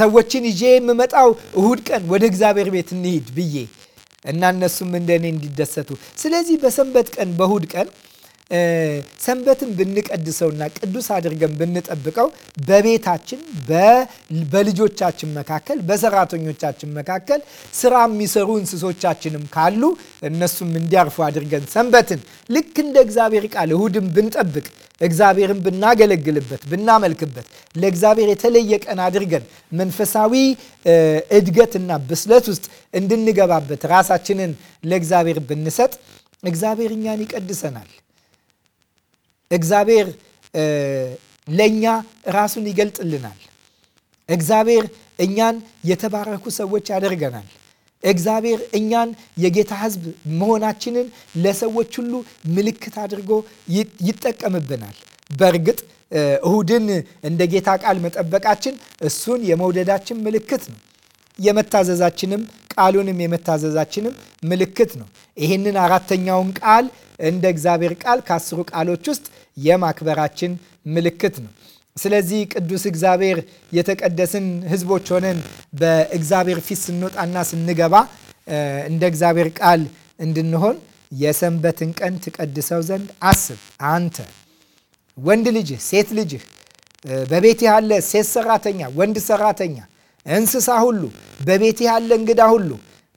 ሰዎችን ይዤ የምመጣው እሁድ ቀን ወደ እግዚአብሔር ቤት እንሂድ ብዬ እና እነሱም እንደኔ እንዲደሰቱ ስለዚህ በሰንበት ቀን በእሁድ ቀን ሰንበትን ብንቀድሰውና ቅዱስ አድርገን ብንጠብቀው በቤታችን፣ በልጆቻችን መካከል፣ በሰራተኞቻችን መካከል ስራ የሚሰሩ እንስሶቻችንም ካሉ እነሱም እንዲያርፉ አድርገን ሰንበትን ልክ እንደ እግዚአብሔር ቃል እሁድን ብንጠብቅ እግዚአብሔርን ብናገለግልበት ብናመልክበት ለእግዚአብሔር የተለየ ቀን አድርገን መንፈሳዊ እድገትና ብስለት ውስጥ እንድንገባበት ራሳችንን ለእግዚአብሔር ብንሰጥ እግዚአብሔር እኛን ይቀድሰናል። እግዚአብሔር ለእኛ ራሱን ይገልጥልናል። እግዚአብሔር እኛን የተባረኩ ሰዎች ያደርገናል። እግዚአብሔር እኛን የጌታ ሕዝብ መሆናችንን ለሰዎች ሁሉ ምልክት አድርጎ ይጠቀምብናል። በእርግጥ እሁድን እንደ ጌታ ቃል መጠበቃችን እሱን የመውደዳችን ምልክት ነው። የመታዘዛችንም ቃሉንም የመታዘዛችንም ምልክት ነው። ይህንን አራተኛውን ቃል እንደ እግዚአብሔር ቃል ከአስሩ ቃሎች ውስጥ የማክበራችን ምልክት ነው። ስለዚህ ቅዱስ እግዚአብሔር የተቀደስን ህዝቦች ሆነን በእግዚአብሔር ፊት ስንወጣና ስንገባ እንደ እግዚአብሔር ቃል እንድንሆን የሰንበትን ቀን ትቀድሰው ዘንድ አስብ። አንተ ወንድ ልጅህ፣ ሴት ልጅህ፣ በቤት ያለ ሴት ሰራተኛ፣ ወንድ ሰራተኛ፣ እንስሳ ሁሉ፣ በቤት ያለ እንግዳ ሁሉ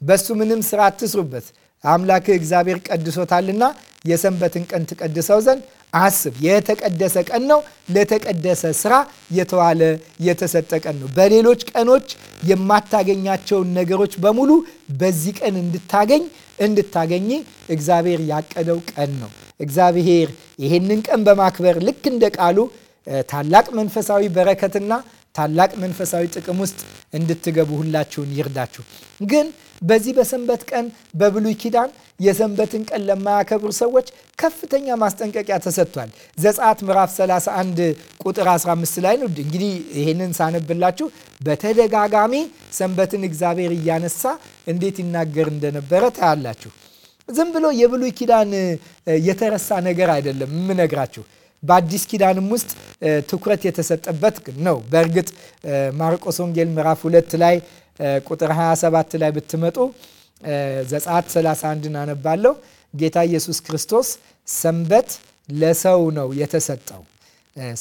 በሱ ምንም ስራ አትስሩበት፣ አምላክህ እግዚአብሔር ቀድሶታልና የሰንበትን ቀን ትቀድሰው ዘንድ አስብ። የተቀደሰ ቀን ነው። ለተቀደሰ ስራ የተዋለ የተሰጠ ቀን ነው። በሌሎች ቀኖች የማታገኛቸውን ነገሮች በሙሉ በዚህ ቀን እንድታገኝ እንድታገኝ እግዚአብሔር ያቀደው ቀን ነው። እግዚአብሔር ይህንን ቀን በማክበር ልክ እንደ ቃሉ ታላቅ መንፈሳዊ በረከትና ታላቅ መንፈሳዊ ጥቅም ውስጥ እንድትገቡ ሁላችሁን ይርዳችሁ ግን በዚህ በሰንበት ቀን በብሉይ ኪዳን የሰንበትን ቀን ለማያከብሩ ሰዎች ከፍተኛ ማስጠንቀቂያ ተሰጥቷል። ዘጸአት ምዕራፍ 31 ቁጥር 15 ላይ ነው። እንግዲህ ይህንን ሳነብላችሁ በተደጋጋሚ ሰንበትን እግዚአብሔር እያነሳ እንዴት ይናገር እንደነበረ ታያላችሁ። ዝም ብሎ የብሉይ ኪዳን የተረሳ ነገር አይደለም የምነግራችሁ በአዲስ ኪዳንም ውስጥ ትኩረት የተሰጠበት ነው። በእርግጥ ማርቆስ ወንጌል ምዕራፍ ሁለት ላይ ቁጥር 27 ላይ ብትመጡ ዘጸአት 31ን አነባለሁ። ጌታ ኢየሱስ ክርስቶስ ሰንበት ለሰው ነው የተሰጠው።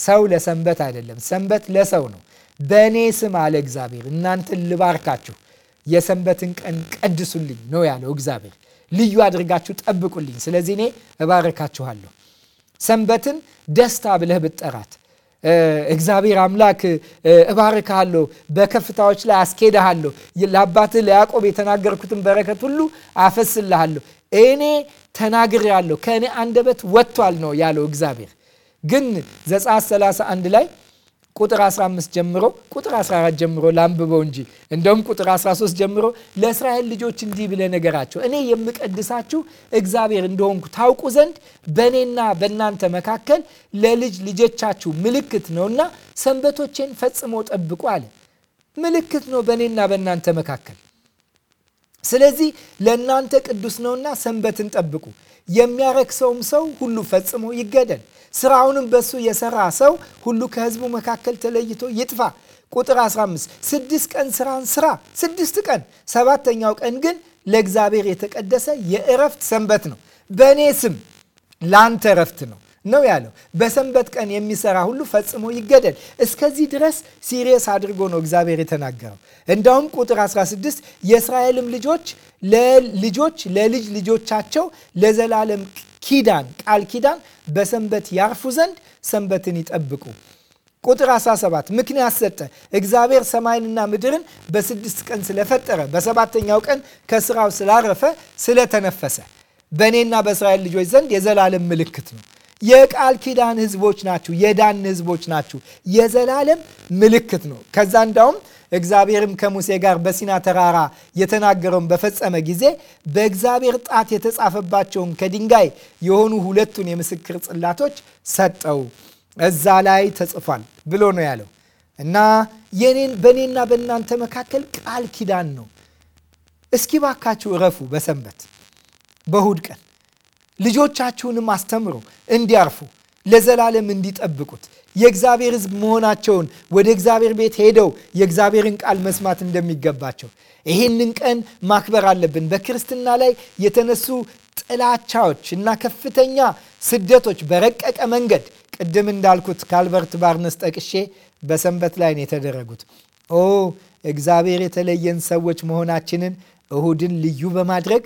ሰው ለሰንበት አይደለም፣ ሰንበት ለሰው ነው። በእኔ ስም አለ እግዚአብሔር፣ እናንተን ልባርካችሁ፣ የሰንበትን ቀን ቀድሱልኝ ነው ያለው እግዚአብሔር። ልዩ አድርጋችሁ ጠብቁልኝ፣ ስለዚህ እኔ እባርካችኋለሁ። ሰንበትን ደስታ ብለህ ብትጠራት፣ እግዚአብሔር አምላክ እባርካለሁ፣ በከፍታዎች ላይ አስኬድሃለሁ፣ ለአባትህ ለያዕቆብ የተናገርኩትን በረከት ሁሉ አፈስልሃለሁ፣ እኔ ተናግሬአለሁ፣ ከእኔ አንደበት ወጥቷል ነው ያለው እግዚአብሔር። ግን ዘጸአት 31 ላይ ቁጥር 15 ጀምሮ ቁጥር 14 ጀምሮ ላንብበው እንጂ እንደውም ቁጥር 13 ጀምሮ ለእስራኤል ልጆች እንዲህ ብለ ነገራቸው፣ እኔ የምቀድሳችሁ እግዚአብሔር እንደሆንኩ ታውቁ ዘንድ በእኔና በእናንተ መካከል ለልጅ ልጆቻችሁ ምልክት ነውና ሰንበቶቼን ፈጽሞ ጠብቁ አለ። ምልክት ነው በእኔና በእናንተ መካከል ስለዚህ ለእናንተ ቅዱስ ነውና ሰንበትን ጠብቁ። የሚያረክሰውም ሰው ሁሉ ፈጽሞ ይገደል። ስራውንም በሱ የሰራ ሰው ሁሉ ከህዝቡ መካከል ተለይቶ ይጥፋ። ቁጥር 15 ስድስት ቀን ስራን ስራ ስድስት ቀን፣ ሰባተኛው ቀን ግን ለእግዚአብሔር የተቀደሰ የእረፍት ሰንበት ነው። በእኔ ስም ለአንተ እረፍት ነው። ነው ያለው። በሰንበት ቀን የሚሰራ ሁሉ ፈጽሞ ይገደል። እስከዚህ ድረስ ሲሪየስ አድርጎ ነው እግዚአብሔር የተናገረው። እንዳውም ቁጥር 16 የእስራኤልም ልጆች ለልጆች ለልጅ ልጆቻቸው ለዘላለም ኪዳን ቃል ኪዳን በሰንበት ያርፉ ዘንድ ሰንበትን ይጠብቁ። ቁጥር 17 ምክንያት ሰጠ። እግዚአብሔር ሰማይንና ምድርን በስድስት ቀን ስለፈጠረ በሰባተኛው ቀን ከስራው ስላረፈ ስለተነፈሰ በእኔና በእስራኤል ልጆች ዘንድ የዘላለም ምልክት ነው። የቃል ኪዳን ህዝቦች ናችሁ፣ የዳን ህዝቦች ናችሁ። የዘላለም ምልክት ነው። ከዛ እንዳውም እግዚአብሔርም ከሙሴ ጋር በሲና ተራራ የተናገረውን በፈጸመ ጊዜ በእግዚአብሔር ጣት የተጻፈባቸውን ከድንጋይ የሆኑ ሁለቱን የምስክር ጽላቶች ሰጠው። እዛ ላይ ተጽፏል ብሎ ነው ያለው እና የኔን በእኔና በእናንተ መካከል ቃል ኪዳን ነው። እስኪ ባካችሁ እረፉ በሰንበት በእሁድ ቀን ልጆቻችሁንም አስተምሩ እንዲያርፉ ለዘላለም እንዲጠብቁት የእግዚአብሔር ሕዝብ መሆናቸውን ወደ እግዚአብሔር ቤት ሄደው የእግዚአብሔርን ቃል መስማት እንደሚገባቸው ይህንን ቀን ማክበር አለብን። በክርስትና ላይ የተነሱ ጥላቻዎች እና ከፍተኛ ስደቶች በረቀቀ መንገድ ቅድም እንዳልኩት ከአልበርት ባርነስ ጠቅሼ በሰንበት ላይ ነው የተደረጉት። ኦ እግዚአብሔር የተለየን ሰዎች መሆናችንን እሁድን ልዩ በማድረግ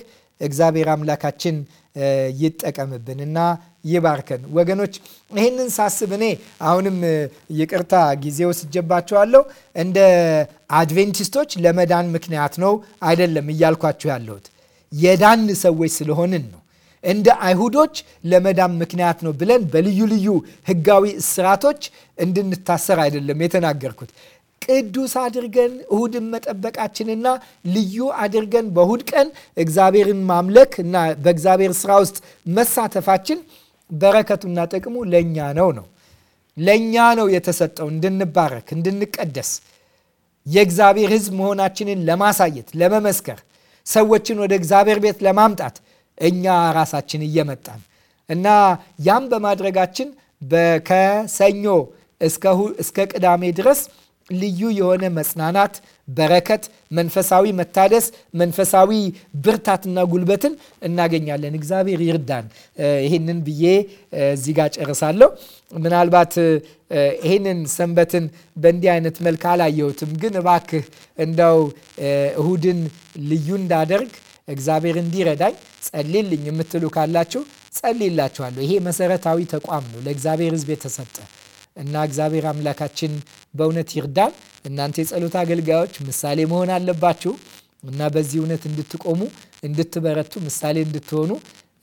እግዚአብሔር አምላካችን ይጠቀምብን እና ይባርከን። ወገኖች ይህንን ሳስብ እኔ አሁንም ይቅርታ ጊዜ ወስጄባችኋለሁ። እንደ አድቬንቲስቶች ለመዳን ምክንያት ነው አይደለም እያልኳችሁ ያለሁት የዳን ሰዎች ስለሆንን ነው። እንደ አይሁዶች ለመዳን ምክንያት ነው ብለን በልዩ ልዩ ሕጋዊ እስራቶች እንድንታሰር አይደለም የተናገርኩት። ቅዱስ አድርገን እሁድን መጠበቃችንና ልዩ አድርገን በእሁድ ቀን እግዚአብሔርን ማምለክ እና በእግዚአብሔር ስራ ውስጥ መሳተፋችን በረከቱና ጥቅሙ ለእኛ ነው ነው ለእኛ ነው የተሰጠው እንድንባረክ፣ እንድንቀደስ የእግዚአብሔር ህዝብ መሆናችንን ለማሳየት ለመመስከር፣ ሰዎችን ወደ እግዚአብሔር ቤት ለማምጣት እኛ ራሳችን እየመጣን እና ያም በማድረጋችን ከሰኞ እስከ ቅዳሜ ድረስ ልዩ የሆነ መጽናናት፣ በረከት፣ መንፈሳዊ መታደስ፣ መንፈሳዊ ብርታትና ጉልበትን እናገኛለን። እግዚአብሔር ይርዳን። ይህንን ብዬ እዚህ ጋር ጨርሳለሁ። ምናልባት ይህንን ሰንበትን በእንዲህ አይነት መልክ አላየሁትም፣ ግን እባክህ እንደው እሁድን ልዩ እንዳደርግ እግዚአብሔር እንዲረዳኝ ጸልልኝ የምትሉ ካላችሁ ጸልላችኋለሁ። ይሄ መሰረታዊ ተቋም ነው ለእግዚአብሔር ሕዝብ የተሰጠ እና እግዚአብሔር አምላካችን በእውነት ይርዳን። እናንተ የጸሎት አገልጋዮች ምሳሌ መሆን አለባችሁ እና በዚህ እውነት እንድትቆሙ እንድትበረቱ፣ ምሳሌ እንድትሆኑ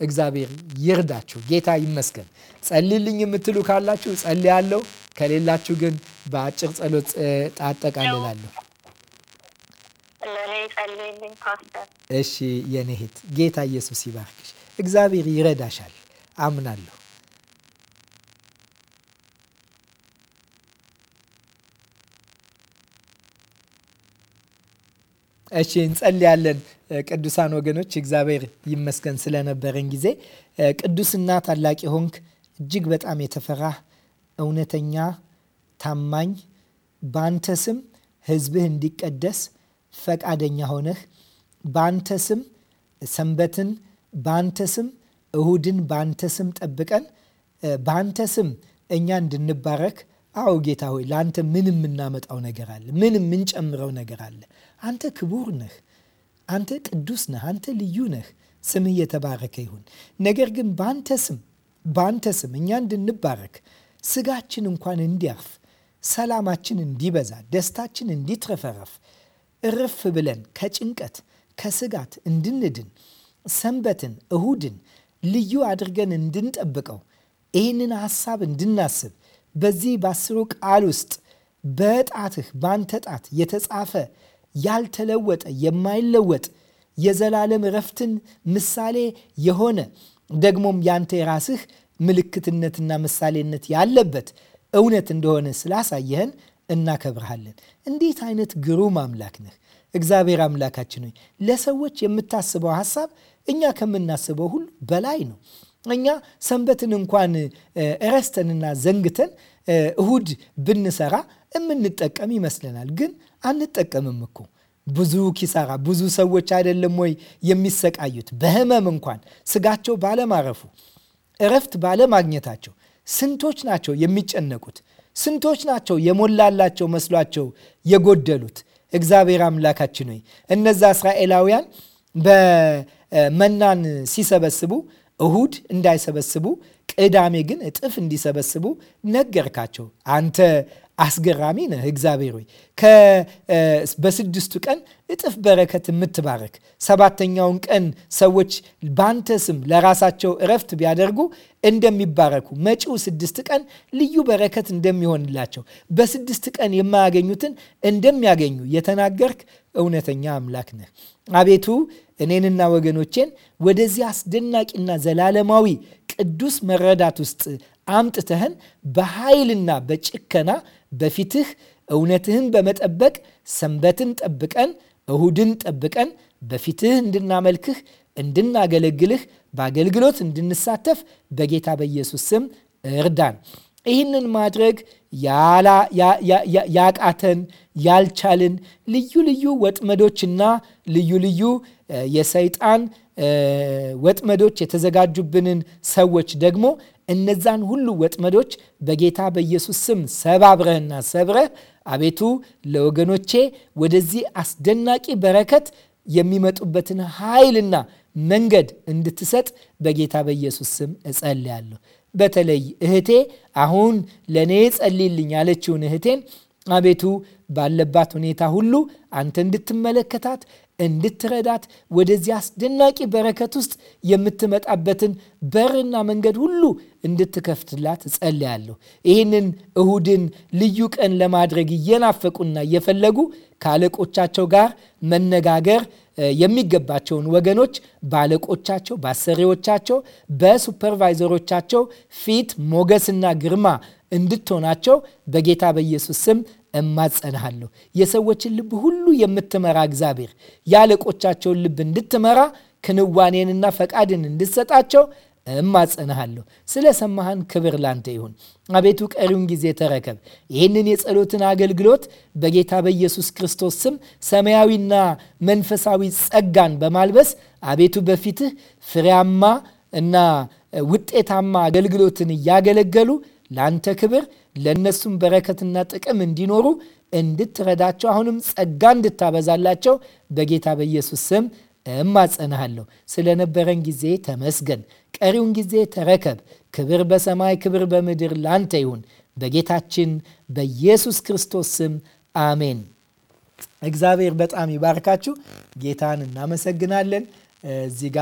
እግዚአብሔር ይርዳችሁ። ጌታ ይመስገን። ጸልልኝ የምትሉ ካላችሁ ጸልያለሁ፣ ከሌላችሁ ግን በአጭር ጸሎት አጠቃልላለሁ። እሺ የኔ እህት ጌታ ኢየሱስ ይባርክሽ። እግዚአብሔር ይረዳሻል አምናለሁ። እሺ እንጸልያለን። ቅዱሳን ወገኖች እግዚአብሔር ይመስገን ስለነበረን ጊዜ። ቅዱስና ታላቅ የሆንክ እጅግ በጣም የተፈራህ እውነተኛ ታማኝ፣ በአንተ ስም ህዝብህ እንዲቀደስ ፈቃደኛ ሆነህ በአንተ ስም ሰንበትን በአንተ ስም እሁድን በአንተ ስም ጠብቀን በአንተ ስም እኛ እንድንባረክ አዎ ጌታ ሆይ ለአንተ ምን የምናመጣው ነገር አለ? ምን የምንጨምረው ነገር አለ? አንተ ክቡር ነህ። አንተ ቅዱስ ነህ። አንተ ልዩ ነህ። ስምህ የተባረከ ይሁን። ነገር ግን በአንተ ስም በአንተ ስም እኛ እንድንባረክ ስጋችን እንኳን እንዲያርፍ፣ ሰላማችን እንዲበዛ፣ ደስታችን እንዲትረፈረፍ፣ እርፍ ብለን ከጭንቀት ከስጋት እንድንድን፣ ሰንበትን እሁድን ልዩ አድርገን እንድንጠብቀው፣ ይህንን ሀሳብ እንድናስብ በዚህ በአስሩ ቃል ውስጥ በጣትህ በአንተ ጣት የተጻፈ ያልተለወጠ የማይለወጥ የዘላለም እረፍትን ምሳሌ የሆነ ደግሞም ያንተ የራስህ ምልክትነትና ምሳሌነት ያለበት እውነት እንደሆነ ስላሳየህን እናከብርሃለን። እንዴት አይነት ግሩም አምላክ ነህ እግዚአብሔር አምላካችን ሆይ! ለሰዎች የምታስበው ሀሳብ እኛ ከምናስበው ሁሉ በላይ ነው። እኛ ሰንበትን እንኳን እረስተንና ዘንግተን እሁድ ብንሰራ የምንጠቀም ይመስለናል። ግን አንጠቀምም እኮ ብዙ ኪሳራ፣ ብዙ ሰዎች አይደለም ወይ የሚሰቃዩት በህመም እንኳን ስጋቸው ባለማረፉ፣ እረፍት ባለማግኘታቸው ስንቶች ናቸው የሚጨነቁት? ስንቶች ናቸው የሞላላቸው መስሏቸው የጎደሉት? እግዚአብሔር አምላካችን ሆይ እነዛ እስራኤላውያን በመናን ሲሰበስቡ እሁድ እንዳይሰበስቡ፣ ቅዳሜ ግን እጥፍ እንዲሰበስቡ ነገርካቸው። አንተ አስገራሚ ነህ እግዚአብሔር ሆይ፣ በስድስቱ ቀን እጥፍ በረከት የምትባረክ ሰባተኛውን ቀን ሰዎች በአንተ ስም ለራሳቸው እረፍት ቢያደርጉ እንደሚባረኩ መጪው ስድስት ቀን ልዩ በረከት እንደሚሆንላቸው በስድስት ቀን የማያገኙትን እንደሚያገኙ የተናገርክ እውነተኛ አምላክ ነህ። አቤቱ እኔንና ወገኖቼን ወደዚህ አስደናቂና ዘላለማዊ ቅዱስ መረዳት ውስጥ አምጥተህን በኃይልና በጭከና በፊትህ እውነትህን በመጠበቅ ሰንበትን ጠብቀን እሁድን ጠብቀን በፊትህ እንድናመልክህ እንድናገለግልህ በአገልግሎት እንድንሳተፍ በጌታ በኢየሱስ ስም እርዳን። ይህንን ማድረግ ያቃተን ያልቻልን ልዩ ልዩ ወጥመዶችና ልዩ ልዩ የሰይጣን ወጥመዶች የተዘጋጁብንን ሰዎች ደግሞ እነዛን ሁሉ ወጥመዶች በጌታ በኢየሱስ ስም ሰባብረህና ሰብረህ አቤቱ ለወገኖቼ ወደዚህ አስደናቂ በረከት የሚመጡበትን ኃይልና መንገድ እንድትሰጥ በጌታ በኢየሱስ ስም እጸልያለሁ። በተለይ እህቴ አሁን ለእኔ ጸልይልኝ ያለችውን እህቴን አቤቱ ባለባት ሁኔታ ሁሉ አንተ እንድትመለከታት እንድትረዳት ወደዚህ አስደናቂ በረከት ውስጥ የምትመጣበትን በርና መንገድ ሁሉ እንድትከፍትላት እጸልያለሁ። ይህንን እሁድን ልዩ ቀን ለማድረግ እየናፈቁና እየፈለጉ ከአለቆቻቸው ጋር መነጋገር የሚገባቸውን ወገኖች ባለቆቻቸው፣ በአሰሪዎቻቸው፣ በሱፐርቫይዘሮቻቸው ፊት ሞገስና ግርማ እንድትሆናቸው በጌታ በኢየሱስ ስም እማጸንሃለሁ። የሰዎችን ልብ ሁሉ የምትመራ እግዚአብሔር የአለቆቻቸውን ልብ እንድትመራ ክንዋኔንና ፈቃድን እንድትሰጣቸው እማጸንሃለሁ። ስለ ሰማህን ክብር ላንተ ይሁን። አቤቱ ቀሪውን ጊዜ ተረከብ። ይህንን የጸሎትን አገልግሎት በጌታ በኢየሱስ ክርስቶስ ስም ሰማያዊና መንፈሳዊ ጸጋን በማልበስ አቤቱ በፊትህ ፍሬያማ እና ውጤታማ አገልግሎትን እያገለገሉ ለአንተ ክብር ለእነሱም በረከትና ጥቅም እንዲኖሩ እንድትረዳቸው አሁንም ጸጋ እንድታበዛላቸው በጌታ በኢየሱስ ስም እማጸንሃለሁ። ስለነበረን ጊዜ ተመስገን። ቀሪውን ጊዜ ተረከብ። ክብር በሰማይ ክብር በምድር ላንተ ይሁን። በጌታችን በኢየሱስ ክርስቶስ ስም አሜን። እግዚአብሔር በጣም ይባርካችሁ። ጌታን እናመሰግናለን እዚህ ጋ